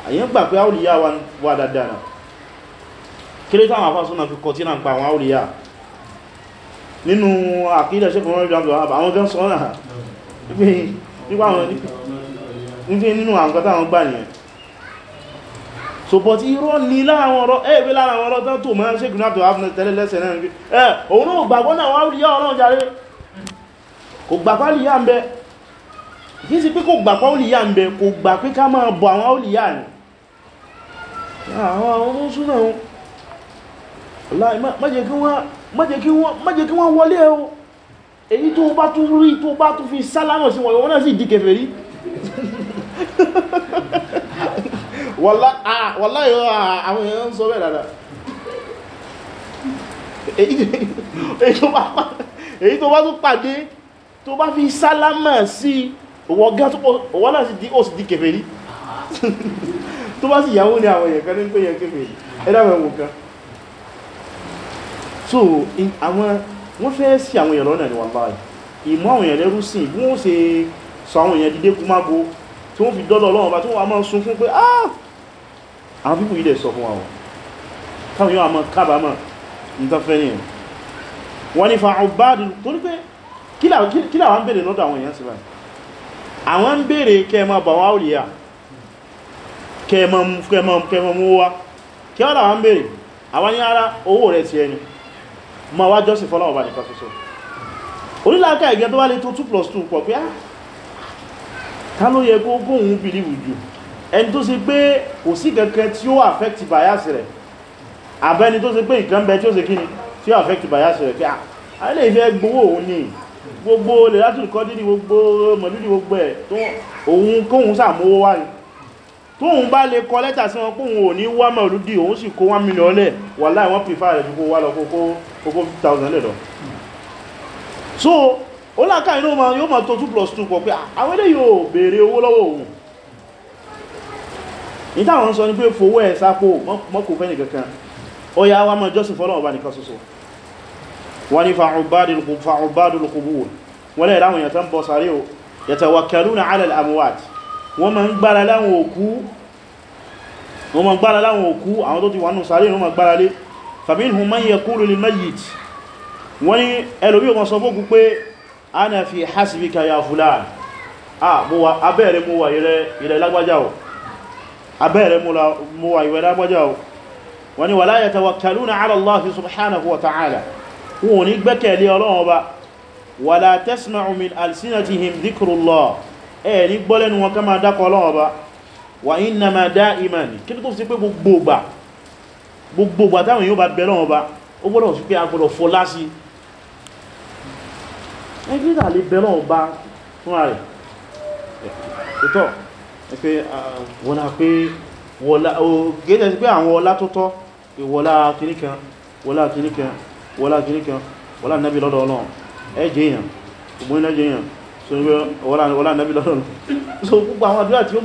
àyẹ́ gbà pé àwùlíyà wà dáadáa kílé táwọn afásúnà fi kọtí náà pa àwọn àwùlíyà nínú àkídẹ̀ ṣẹ́kùnrin nínú àwọn kọtá àwọn gbà nìyẹn so but irọ́ ní láàwọn ọ̀rọ̀ ẹ̀ẹ́gbé lára àwọn ọ̀rọ̀ tán tó máa ń ṣe gùn àtọ̀ àfihàn tẹ́lẹ̀ lẹ́sẹ̀ náà rí ẹ̀ òun náà gbàgbọ́ náà wọ́n yá ọ̀rọ̀ jàre kò gbàgbá lè yá ń bẹ kò gbà pé ká máa bọ àwọn ó lè àwọn ọmọ ohun o èyí tó bá tún rí wọ́lá yóò àwọn èèyàn ń sọ bẹ́ẹ̀ dáadáa èyí tó bá tó pàdé tó bá fi sálámà sí ọwọ́ náà sí ó sì di kèfèrí tó bá sì yàwó ní àwọn èèyàn kan ní pé yẹn kèfèrí ẹ̀dàmẹ̀ wò kan so wọ́n fẹ́ sí àwọn èèyàn lọ́nà ni wà báyìí ìmọ̀ àwọn èèyàn lẹ́rú sí bí wọ́n ṣe sọ àwọn èèyàn dídé kú mágo tí wọ́n fi dọ́lọ́ ọlọ́run bá tí wọ́n wá máa sun fún pé ah àwọn pípù yìí dẹ̀ sọ fún àwọn káwọn yóò àmọ́ kábàámọ̀ nǹkan fẹ́ ní ẹ̀ wọ́n ní fa ọ̀bádùn tó ní pé kí làwọn ń bèèrè lọ́dọ̀ àwọn èèyàn sí báyìí àwọn ń bèèrè kẹmọ bàwà òlìyà kẹmọ mú wá kí wọ́n làwọn ń bèèrè àwọn yára owó rẹ̀ ti ẹni ma wá jọ́sì fọ́lọ́wọ́ bá nìkan ṣoṣo onílàákà ìgẹ́ tó wá lè tó 2 plus 2 pọ̀ pé á ah, ta ló yẹ kó góhun bìlìwù jù ẹni tó ṣe pé kò sí kankan tí ó affect bias rẹ̀ àbẹ́ni tó ṣe pé ìkan bẹ tí ó ṣe kíni tí ó affect bias rẹ̀ pé ah, àílẹ̀ ìfẹ́ gbowó òun ni gbogbo lè látùn kọ́ dídí gbogbo mọ̀lúdí gbogbo ẹ̀ tó òun kóhun sàmówó wá ní tóhun bá lè kọ lẹ́tà sí wọn kóhun ò ní wá mọ̀lúdí òun sì kó 1 million lẹ̀ wà láì wọ́n prefer rẹ̀ fi kó wá lọ kókó 50,000 lẹ̀ lọ so ó lákàá inú yóò mọ̀ tó 2 plus 2 pọ̀ pé ah, àwọn ilé yóò béèrè owó lọ́wọ́ òun ní táwọn sọ ní pé fowó ẹ̀ sápò mọ́kò fẹ́ nìkankan ó yá wá mọ́ jọ́sìn fọ́lọ́ ọba nìkan ṣoṣo wọ́n ni fa'ubadul qubur wọ́n lẹ́ láwọn yàtọ̀ ń bọ́ sáré o yatawakkaluna ala al-amwat wọ́n ma ń gbára láwọn òkú wọ́n ma gbára láwọn òkú àwọn tó ti wà nù sáré wọ́n ma gbára lé ana fi hasbika ya fulan ah mo wà abẹ́rẹ̀ mo wà ilẹ̀ lágbájá o abẹ́rẹ́ mú wa ìwẹ̀ lágbọ́já o wọ́n ni wala yatawakkaluna ala Allah subhanahu wa ta'ala wọn ò ní gbẹ́kẹ̀lé ọlọ́run ọba wala tasma'u min alsinatihim dhikrullah ẹ̀ ní gbọ́lẹ́nu wọn ká máa dákọ̀ ọlọ́run ọba wa innama da'iman kí tó fi pé gbogbogbà gbogbogbà ìtọ́ pé wọ́lá pé gẹ́gẹ́ sí pé àwọn ọlá tó tọ́ pé wọ́lá kìníkan wọ́lá kìníkan wọ́lá kìníkan wọ́lá nẹ́bí lọ́dọ̀ ọlọ́run ẹ jẹ́yàn ògbónilá jẹ́yàn so wọ́lá nẹ́bí lọ́dọ̀ ọlọ́run so gbogbo àwọn àdúrà tí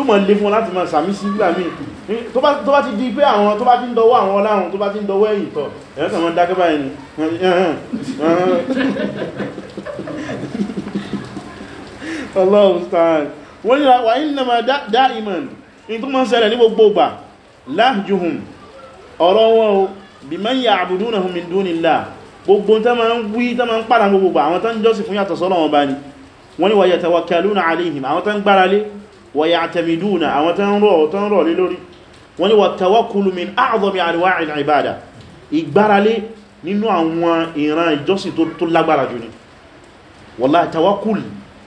ó mọ̀ lé fún láti mọ̀ sàmí sí gbà mí tó bá ti di pé àwọn tó bá ti ń dọwọ́ àwọn ọlọ́run tó bá ti ń dọwọ́ ẹ̀yìn tọ̀ ẹ̀rọ kàn mọ́ dákẹ́ báyìí ni Allahu Ustaz wọ́n ni wà ní nàmà dáìmọ̀n in tó mọ́ ṣẹlẹ̀ ní gbogbo gbà láàjúhùn ọ̀rọ̀ wọn o bí mọ́ yà àbùdúnà hùn min dúnillah gbogbo tó ma ń wí tó ma ń pàdà gbogbo gbà àwọn tó ń jọ́sì fún yàtọ̀ sọ́lọ̀ wọn bá ní wọ́n ni wà yà tawakkaluna alayhim àwọn tó ń gbára lé wọ́n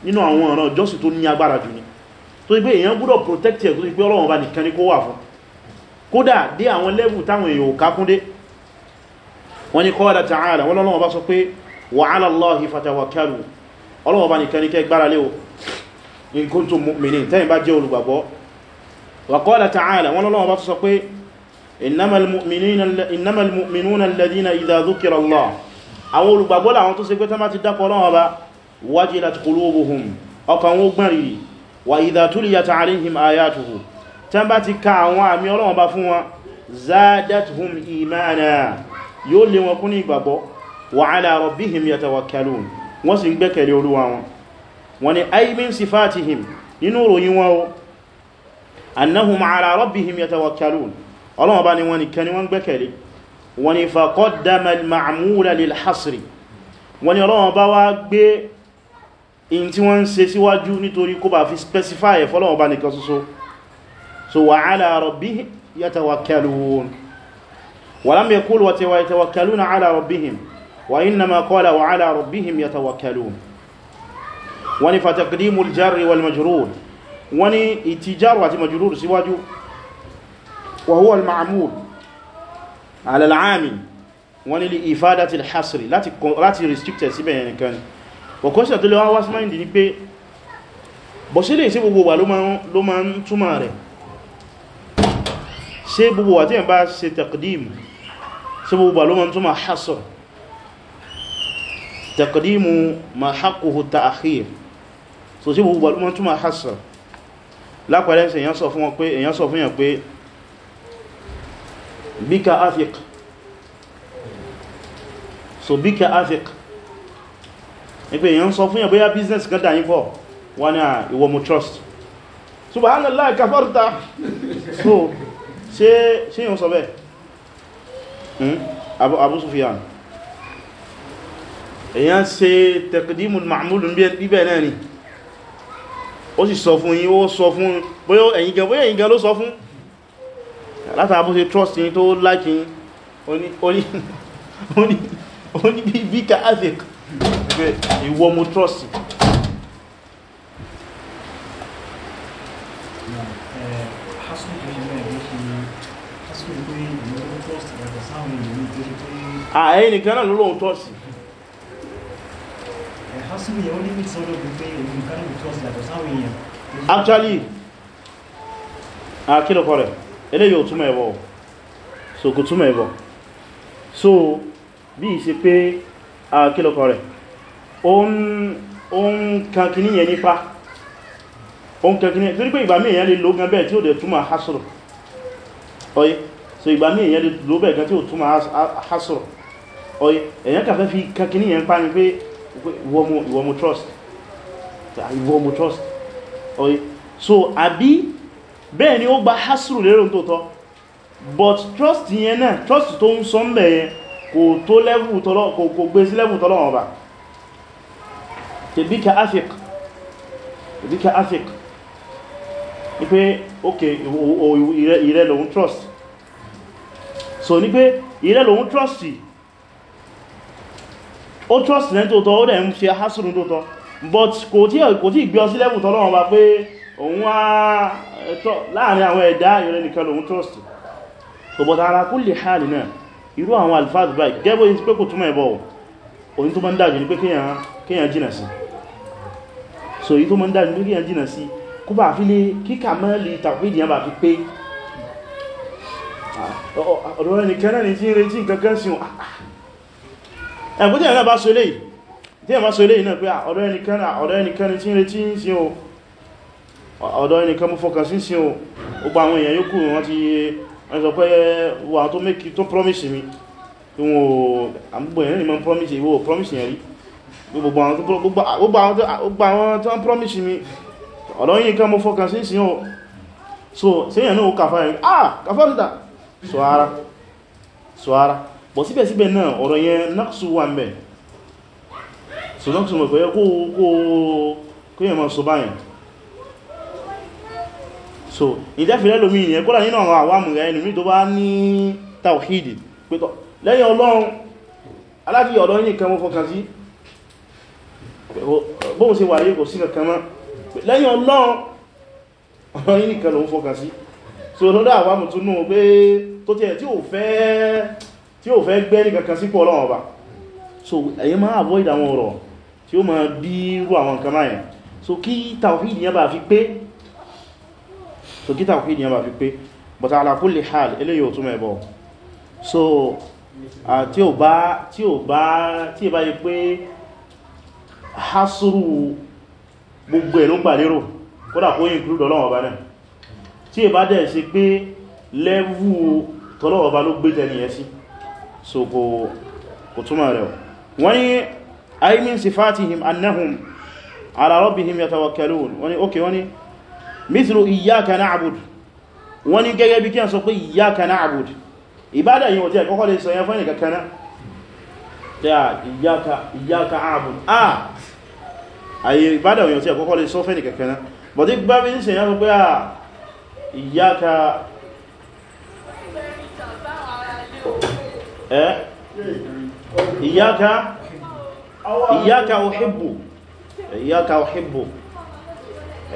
nínú àwọn ọ̀ràn ìjọsìn tó ní agbára jù ní tó ibé èyàn gbọ́dọ̀ protect ẹ̀ tó ti pé Ọlọ́run bá nìkan ní kó wà fún kódà dé àwọn level táwọn èyàn ò kákúndé wọ́n ní qala ta'ala wọ́n lọ́wọ́ bá sọ pé wa 'ala Allahi fatawakkalu Ọlọ́run bá nìkan ní kẹ́ gbára lé o in kuntum mu'minin tẹ́yìn bá jẹ́ olùgbàgbọ́ wa Allah àwọn olùgbàgbọ́ làwọn tó ṣe pé tán bá ti dákọ̀ Ọlọ́run wajilat qulubuhum ọkàn wọn gbọ́n rìrì wa idha tuliyat alaihim ayatuhu tán bá ti ka àwọn àmì Ọlọ́run bá fún wọn zadathum imana yóò lé wọn kún ní ìgbàgbọ́ wa ala rabbihim yatawakkalun wọ́n sì ń gbẹ́kẹ̀lé Olúwa wọn wọ́n in tí wọ́n ń ṣe síwájú nítorí kó bá fi specify fọ́lọ́wọ́ bá nìkan ṣoṣo so wa ala rabbihim yatawakkalun wa lam yaqul wa yatawakkaluna ala rabbihim wa innama qala wa ala rabbihim yatawakkalun wani fa taqdimu al-jarri wal majrur wani itijaru àti majrur síwájú wa huwa al-ma'mul ala al-aami wani li hasri láti restricted síbẹ̀ yẹn kan ọkọ́sẹ̀ tó lè wá wá sí máìndì ní pé bọ̀ sí lè sí gbogbo wà ló ma ń túnmà rẹ̀ ṣe gbogbo wà tí ẹ̀ bá ṣe taqdim ṣe gbogbo wà ló ma ń túnmà hasr taqdimu ma haqquhu ta'khir so ṣe gbogbo wà ló ma ń túnmà hasr lápẹẹrẹ so bíka afiq ní pé èyàn ń sọ fún yàn bóyá business kan dà yín fọ́ wọ́n ní ìwọ mo trust subhanallah kafarta so ṣe ṣe yíò sọ bẹ́ẹ̀ hmm? Abu Sufyan èyàn ṣe taqdimul ma'mulun bíbẹ̀ náà ni ó sì sọ fún yín ó sọ fún bóyá ẹ̀yin gan bóyá ẹ̀yin gan ló sọ fún látàrí bó ṣe trust yín tó láìkí oní bí ká pé ìwọ mo trọ́sì ààyè ah, ah, nìkan náà lóòrùn trọ́sì actually àkílò ah, kọ́rẹ̀ eléyìí ò túnmọ̀ ẹ̀bọ̀ so kò túnmọ̀ ẹ̀bọ̀ so bí i ṣe pé àkílò kọ́rẹ̀ òun kankini yẹn nípa òun kankini yẹn torí pé ìgbà mí èyàn lè ló gan bẹ́ẹ̀ tí ó dẹ̀ túnmà hasro ọ̀yẹ́ so ìgbà mí èyàn lè ló bẹ́ẹ̀ gan tí ó túnmà hasro ọ̀yẹ́ èyàn kàfẹ́ fi kankini yẹn pa ní pé ìwọ̀mù trust ìwọ̀mù trust ọ̀yẹ́ so àbí bẹ́ẹ̀ ni ó gba hasro lérò tó tọ́ but trust yẹn náà trust tó ń sọ ń bẹ̀ yẹn kò tó lẹ́wù tọ́lọ́ kò gbé sí lẹ́wù tọ́lọ́ ọ̀bà tẹ̀bíkà afiq tẹ̀bíkà afiq ní pé ok ìrẹ́ lòun trust so ní pé ìrẹ́ lòun trust ó trust lẹ́n tó tọ́ ó dẹ̀ ń ṣe hasrun tó tọ́ but kò tí gbé ọsí lẹ́bùn tọ́lọ́wọ́n bá pé òun wá láàrin àwọn ẹ̀dá ìrẹ́ nìkan lòun trust so but ara kulli hali náà irú àwọn alfaz bike gẹ́gbẹ́ ìsìnkú túnmọ̀ ẹ̀bọ̀ òyìn tó bá ń dájú ní pé kíyàn jìnà sí i so èyí tó mọ́ ń dájú pé kíyàn jìnà sí kó bá fi lé kíkà mẹ́lì tàwídì yàn bá fi pé ọ̀dọ̀ ẹni kẹ́rẹ́ ni tí ń retí gẹ́gẹ́ sí ah, ah. ẹ̀kùn tí ẹ̀nà bá so lè tí ẹ̀ bá so lè náà pé ọ̀dọ̀ ẹni kẹ́rẹ́ tí ń retí sí o ọ̀dọ̀ ẹni kẹ́mú fọkà sí sí o gbogbo àwọn èèyàn yókù wọ́n ti sọ pé wà tó promise mi ìwọ̀n àgbogbo èèyàn ni mọ́ promise ìwọ̀ promise yẹn rí gbogbo àwọn tó ń promise mi ọ̀dọ̀ yìí kan mo fọkàn sí ìsìn o so sẹ́yìn náà ó kàfà yìí ah kàfà títà so ara so ara bọ̀ síbẹ̀síbẹ̀ náà ọ̀rọ̀ yẹn náksù wà ń bẹ so náksù mọ̀ pẹ̀yẹ kó yẹ mọ́ so báyìí so ìdẹ́fìlẹ́ lómi ìyẹn kó lẹ́yìn àwọn àwàmù rẹ̀ ẹlùmí tó bá ní tawhidi pẹ́tọ̀ lẹ́yìn ọlọ́run aláàbí ọ̀dọ̀ yìí kan mo bóhun ṣe wà ní kò sí kankan mọ́ lẹ́yìn ọlọ́run ọ̀rọ̀ yìí nìkan ló ń fọkàn sí so lọ́dọ̀ àwọn amùtúnú pé tó tẹ́ tí ò fẹ́ gbẹ́ ní kankan sípò ọlọ́run ọba so èyí máa avoid àwọn ọ̀rọ̀ tí ó máa bí irú àwọn nǹkan máa yẹn so kí tawhid yẹn bá fi pé so kí tawhid yẹn bá fi pé but ala kulli hal eléyìí ò túnmọ̀ ẹ̀bọ̀ so tí ò bá tí ò bá tí ì bá yẹ pé hasuru gbogbo ẹ̀ ló pàlérò kódà kó yìn kúrúdọ̀ ọlọ́wọ̀ ọba náà tí è bá dẹ̀ sí pé lẹ́wù tọ́lọ́wọ̀ ọba ló gbé tẹni ẹ̀ sí so kò túnmà rẹ̀ wọ́n ni aimin sifatihim annahum ala rabbihim yatawakkalun wọ́n ni ok wọ́n ni mithlu iyyaka na'bud wọ́n ni gẹ́gẹ́ bí kí a sọ pé iyyaka na'bud ìbádà yìí wọ́n tí ẹ̀kọ́kọ́ lè sọ yẹn fún ẹnì kankaná tí a iyyaka a'bud ah ayé ìbádà òyìn tí àkọ́kọ́ lè sọ fẹ́ nìkẹ̀kẹ́ náà bọ̀ tí gbá bí nísìnyí wọ́n pé à ìyáka ẹ́ ìyáka ìyáka uhibbu ìyáka uhibbu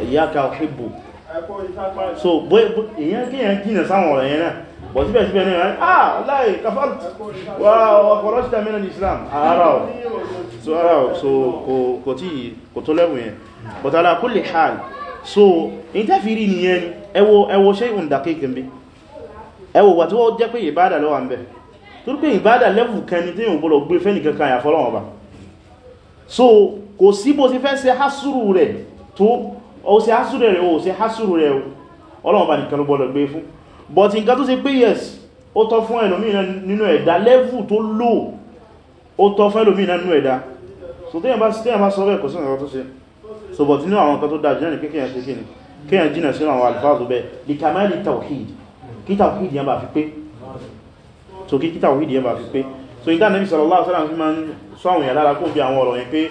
ìyáka uhibbu so bọ̀ síbẹ̀síbẹ̀ náà ah láì kafalt wà ọ̀pọ̀lọ́síta mẹ́rin Islam ara ọ̀ so ara ọ̀ so kò tí kò tó lẹ́wù yẹn but ala kulli hal so in tẹ́ fi rí nìyẹn ẹwọ ẹwọ ṣe ìhùndàkíkì bí ẹwọ wà tí wọ́n jẹ́ pé ìbádà lọ́wà ń bẹ̀ tó rí pé ìbádà so kò sí bó ti fẹ́ ṣe hásùrù rẹ̀ tó ó ṣe hásùrù rẹ̀ ó ṣe hásùrù rẹ̀ ọlọ́wọ́ bá nìkan ló gbọ́lọ̀ gbé fún but nǹkan tó ṣe pé yes ó tọ́ fún ẹlòmíràn nínú ẹ̀dá level tó low ó tọ́ fún ẹlòmíràn nínú ẹ̀dá so téèyàn bá téèyàn bá sọ bẹ́ẹ̀ kò sí nǹkan tó ṣe so but nínú àwọn nǹkan tó dájú ní kéèyàn ṣe kí ni kéèyàn jìnà sí àwọn alifáàzù bẹ́ẹ̀ lè kàmáàlì tawhid kí tawhid yẹn bá fi pé so kí tawhid yẹn bá fi pé so ìdá nẹ́bí sallallahu alaihi wasallam fi máa ń sọ àwọn èèyàn lára kó bí àwọn ọ̀rọ̀ yẹn pé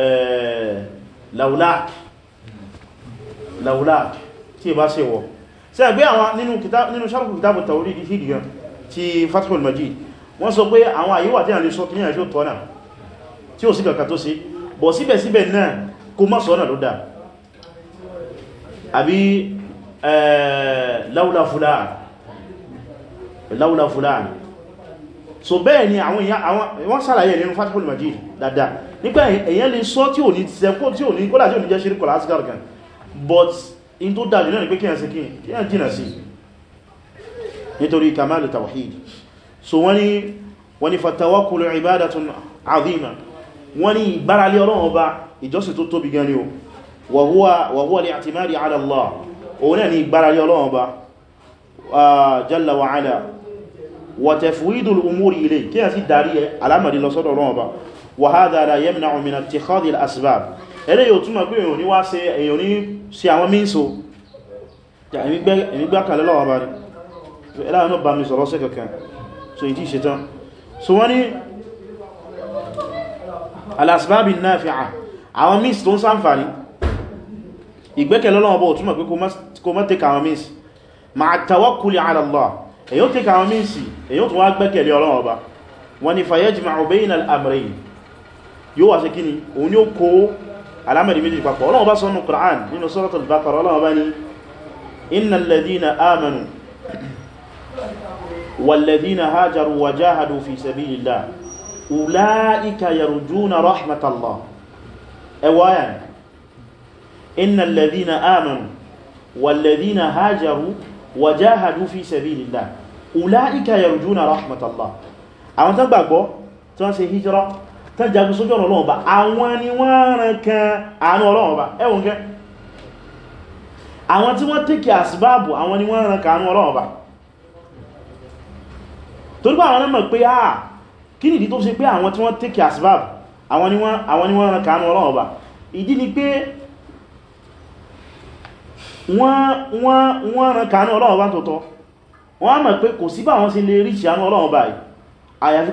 eh, laulak laulak tí ì bá ṣe ṣe gbé àwọn nínú sharhu kitabu tawhid ìdíyàn ti Fathul Majid wọ́n sọ pé àwọn àyíwà tí a lè sọ kí ní àṣò tọ́nà tí ó sí kàkà tó sí bọ̀ síbẹ̀síbẹ̀ náà kó mọ́ sọ́nà ló dá àbí laula fulan so bẹ́ẹ̀ ni àwọn wọ́n sàlàyé nínú Fathul Majid dáadáa nípa èyàn lè sọ tí ò ní in tó dájú náà ni pé kíyàn sí kíyàn jìnà sí nítorí kamalu tawhid so wani wani fatawakkulu ibadatun azima wani ìgbáralé Ọlọ́run Ọba ìjọsìn tó tóbi gan ni o wa huwa wa huwa li'timadi ala Allah òun náà ni ìgbáralé Ọlọ́run Ọba jalla wa ala wa tafwidul umuri ilayhi kíyàn sí darí alamari lọ sọ́dọ̀ Ọlọ́run Ọba wa hadha la yamna'u min ittikhadhi asbab ẹlẹ́ yóò túnmọ̀ pé èyàn ní wá ṣe èyàn ní ṣe àwọn míǹsò èmi gbákàlẹ́ lọ́wọ́ bá rí ẹláwọn náà bá mi sọ̀rọ̀ sí kankan so ìtí ìṣẹ́tán so wọ́n ní al-asbāb an-nāfi'a àwọn míǹsì tó ń ṣàǹfààní ìgbẹ́kẹ̀lẹ́ lọ́wọ́ bá túnmọ̀ pé kó má tẹ́kà àwọn míǹsì ma'a tawakkuli 'ala Allah èyàn yóò wá ṣe kíni òun yóò kó alámẹ̀rí méjì papọ̀ ọlọ́wọ́ bá sọ́nù Qur'an nínú suratul Baqara ọlọ́wọ́ bá ní innal ladhina amanu walladhina hajaru wa jahadu fi sabilillah ulaika yarjuna rahmatallah ẹwọ́yà innal ladhina amanu walladhina hajaru wa jahadu fi sabilillah ulaika yarjuna rahmatallah àwọn tán gbàgbọ́ tí wọ́n ṣe tán jagun sójú ọ̀nà ọlọ́ọ̀bá àwọn ni wọ́n rán kan àánú ọlọ́ọ̀bá ẹwùn kẹ́ àwọn tí wọ́n tẹ́kì àsìbáàbù àwọn ni wọ́n rán kan àánú ọlọ́ọ̀bá torí pé àwọn náà mọ̀ pé àà kí nìdí tó ṣe pé àwọn tí wọ́n tẹ́kì àsìbáàbù àwọn ni wọ́n rán kan àánú ọlọ́ọ̀bá ìdí ni pé wọ́n rán kan àánú ọlọ́ọ̀bá tọ̀tọ̀ wọ́n mọ̀ pé kò sí bá wọn ṣe lè ríṣì àánú ọlọ́ọ̀bá yìí àyàfi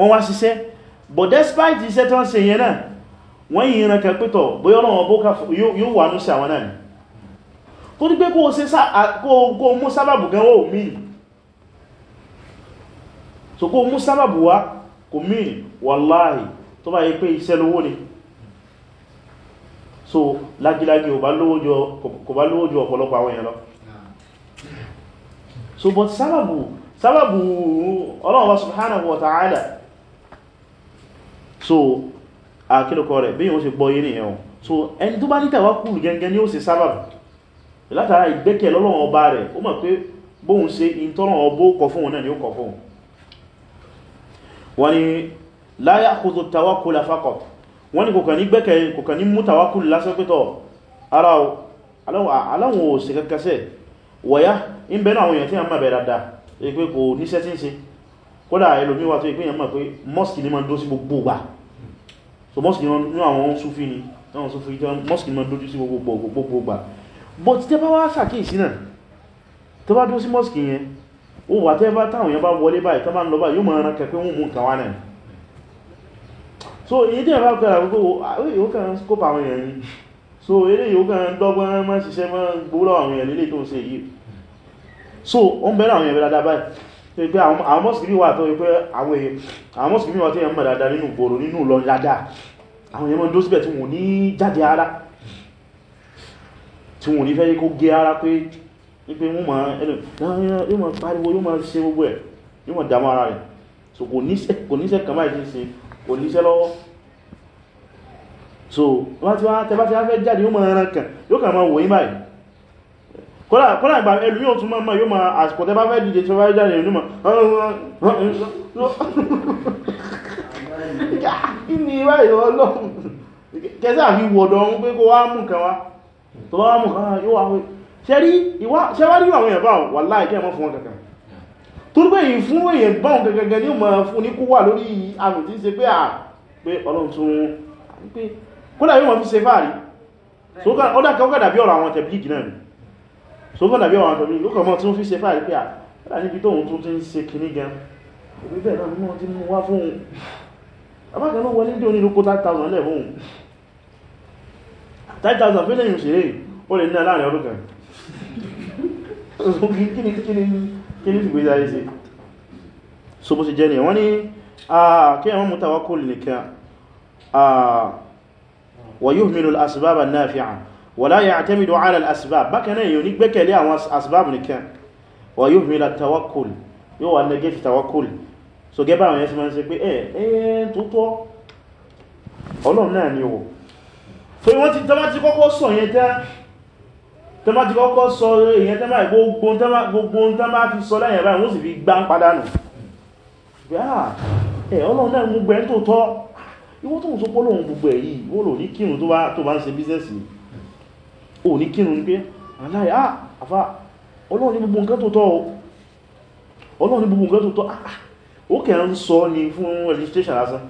wọ́n wá ṣiṣẹ́ but despite iṣẹ́ tó ń ṣe yẹn náà wọ́n yìí ran kan pẹ́tọ̀ bóyá ọlọ́wọ́n bóká yóò wà ní sí àwọn náà tó ní pé kó mú sábàbù gan wọ́n ò mìí so kó mú sábàbù wá kò mìí wàláhì tó bá yí pé iṣẹ́ lówó ni so lágílágí kò bá lówó jù ọ̀pọ̀lọpọ̀ àwọn èèyàn lọ so but sábàbù sábàbù Ọlọ́run subhanahu wa ta'ala so àkílùkọ rẹ̀ bí yíò ṣe gbọ́ yé nìyẹn o so ẹni tó bá ní tàwákùlù gẹ́gẹ́ ni ó ṣe sábàbù látara ìgbẹ́kẹ̀ lọ́lọ́wọ́ ọba rẹ̀ ó mọ̀ pé bóhun ṣe ìtọ́nà ọbó kọ fún òun náà ni ó kọ fún òun wọ́n ni la ya'khudhu tàwákùlà faqat wọ́n ni kòkàn ní gbẹ́kẹ̀ kòkàn ní mú tàwákùlù lásán pẹ́tọ̀ ara aláwọn òsì kẹkẹsẹ̀ wọ̀yá ń se, àwọn èèyàn tí a máa bẹ̀rẹ̀ dáadáa èyí pé kò níṣẹ́ tí ń ṣe kódà ẹlòmí wà tó ìpínyàn mọ̀ pé mosque ní ma dó sí gbogbo gbà so mosque ní àwọn súfí ni àwọn súfí jẹ́ mosque ní ma dójú sí gbogbo gbà but tẹ́ bá wá sàkíyèsí náà tẹ́ bá dó sí mosque yẹn ó wà tẹ́ bá táwọn yẹn bá wọlé báyìí tẹ́ bá ń lọ báyìí so èyí tẹ́ bá gbára gbogbo yóò kàn skópa àwọn so eré yóò kàn dọ́gbọ́n mọ́ ṣiṣẹ́ mọ́ gbóòrò àwọn èèyàn lélẹ́ so ó ń bẹ̀rẹ̀ àwọn èèyàn tó àwọn mọ́sùkì wà tó pé àwọn mọ́sùkì wà tó yẹn mọ̀ dáadáa nínú gbòòrò nínú lọ ládá àwọn yẹn mọ́ dó tí wọ́n ní jáde ara tí wọ́n ní fẹ́ kó gé ara pé pé wọ́n ma ẹnu yóò ma pariwo yóò ma ṣe gbogbo kọ́lá ìgbà ẹlú yóò tún mọ́ yóò máa àsìkò tẹ́bá fẹ́ dìde tí ó fẹ́ jáde ìlú mọ̀ ní ìwáyé ọlọ́run kẹsà fi wọ̀dọ̀ ọ̀hún pé kó wá mú kan wá tó bá mú kan yóò wá ṣẹ́rí àwọn èèyàn báwọn wà láì kẹ́ mọ́ fún wọn kankan tó gbé yìí fún èèyàn báwọn kankan ní ọmọ fún ní so bọ́ dàbí àwọn àtọ̀bí lókọ̀ mọ́ tí ó fi ṣe fàárí pé àrà níbi tóhun tó ti ń ṣe kìní gan òbí náà mọ́ tí mú wá fún un abákan ló wọlé díò ní lókó 5,000 lẹ̀ 5,000 fẹ́ lẹ́yìn òṣèré ó lè náà láàrin ọdún kan wa yuhmilu al-asbab an-nafi'a wala ya'tamidu ala al-asbab bákan náà yóò ní gbẹ́kẹ̀lé àwọn asbab nìkan wa yuhmil at-tawakkul yóò wà nẹ́gẹ́ fi tawakkul so gẹ́bà àwọn yẹn sí máa ń ṣe pé ẹ̀ ẹ̀ tó tọ́ ọlọ́run náà ni wọ̀ so wọ́n ti tọ́má ti kọ́kọ́ sọ yẹn tán tọ́má ti kọ́kọ́ sọ èyàn tán báyìí gbogbo tán bá fi sọ lẹ́yìn báyìí ò ní kírun ní pé aláì ah àfá ọlọ́run ní gbogbo nǹkan tó tọ́ ọlọ́run ní gbogbo nǹkan tó tọ́ ah, ah, ó kẹ́ ń sọ ni fún registration lásán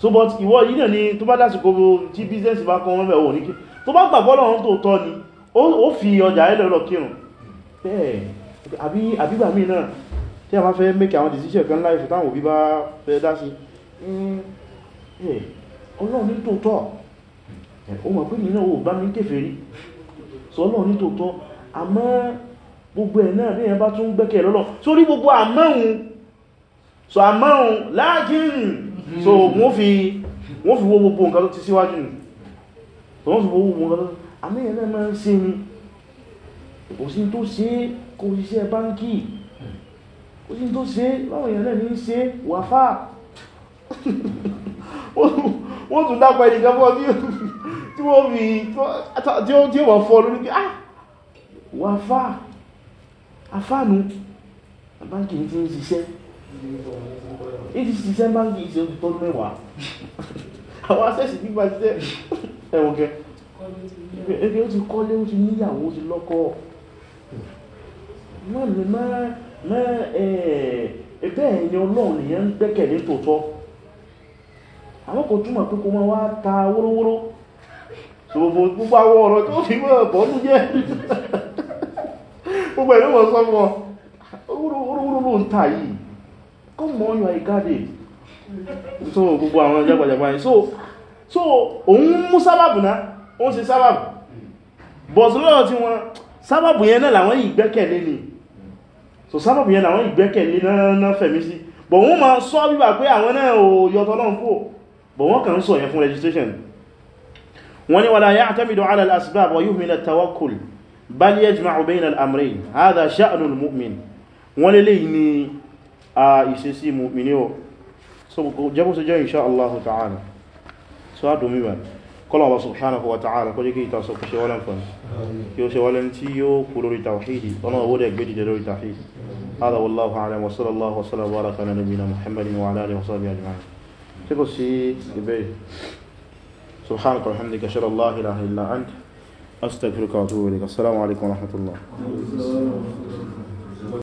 so but ìwọ yìí náà ni tó bá dásìkò tí business bá kọ́ mẹ́fẹ́ ò ní kí tó bá gbàgbọ́ lọ́run tó tọ́ ni ó fi ọjà ẹlẹ́ lọ kírun bẹ́ẹ̀ àbígbà míì náà tí a máa fẹ́ make àwọn decision kan láìfẹ́ táwọn òbí bá fẹ́ dá sí hmm, eh, ọlọ́run ní tó tọ́ ó mọ̀ pé mi náà ò bá mi kèfèrí sọ lọ́wọ́ ní tòótọ́ àmọ́ gbogbo ẹ̀ náà bí i bá tún gbẹ́kẹ̀ lọ́lọ́ sórí gbogbo àmọ́hun so àmọ́hun láàkín so wọ́n fi wọ́n fi wo gbogbo nǹkan tó ti síwájú nù so wọ́n fi wo gbogbo nǹkan tó àmẹ́yẹ náà máa ń ṣe ni kò sí tó ṣe kò ṣiṣẹ́ báńkì kò sí tó ṣe báwọn èèyàn náà ní tún dápa ẹnìkan fún ọdún tí wọ́n fi tí ó wọ́n fọ́ lórí pé ah wà fáà afáànú báńkì tí ń ṣiṣẹ́ ìdí ṣiṣẹ́ báńkì tí ó ti tọ́dún mẹ́wàá àwọn asẹ́sì gbígbà jẹ́ ẹ̀wọ̀kẹ́ ẹgbẹ́ ó ti kọ́lé ó ti níyàwó ó ti lọ́kọ mọ́lù mẹ́ ẹ̀ẹ́bẹ́ ẹ̀yìn ọlọ́run nìyẹn ń gbẹ́kẹ̀ ní tòótọ́ àwọn kò túmọ̀ pé kó máa wá ta wórówóró ṣòfò gbogbo àwọn ọ̀rọ̀ tó fi mọ́ ọ̀bọ̀nú jẹ́ gbogbo ẹ̀lú wọ́n sọ wọn orúurú ń tà yìí kọ́ mọ́ yọ ìgáde so gbogbo àwọn jagbajagba yìí so so òun mú sábàbù náà ó ń ṣe sábàbù bọ̀t lọ́rọ̀ tí wọ́n sábàbù yẹn náà làwọn ìgbẹ́kẹ̀lé ni so sábàbù yẹn làwọn ìgbẹ́kẹ̀lé náà fẹ̀mí sí bọ̀ wọ́n máa sọ wípà pé àwọn náà ò yọtọ̀ náà kú bọ̀ wọ́n kàn ń sọ yẹn fún registration ni wọ́n ni wala ya'tamidu ala al-asbab wa yuhmil at-tawakkul bal yajma'u bayna al-amrayn hadha sha'nu al-mu'min wọ́n lè ní a ìṣesí mu'mini o so jẹ́bọ́ sí jẹ́ insha Allah ó ṣe wọ́n سبحانك وبحمدك اشهد ان لا اله الا انت استغفرك واتوب اليك السلام عليكم ورحمه الله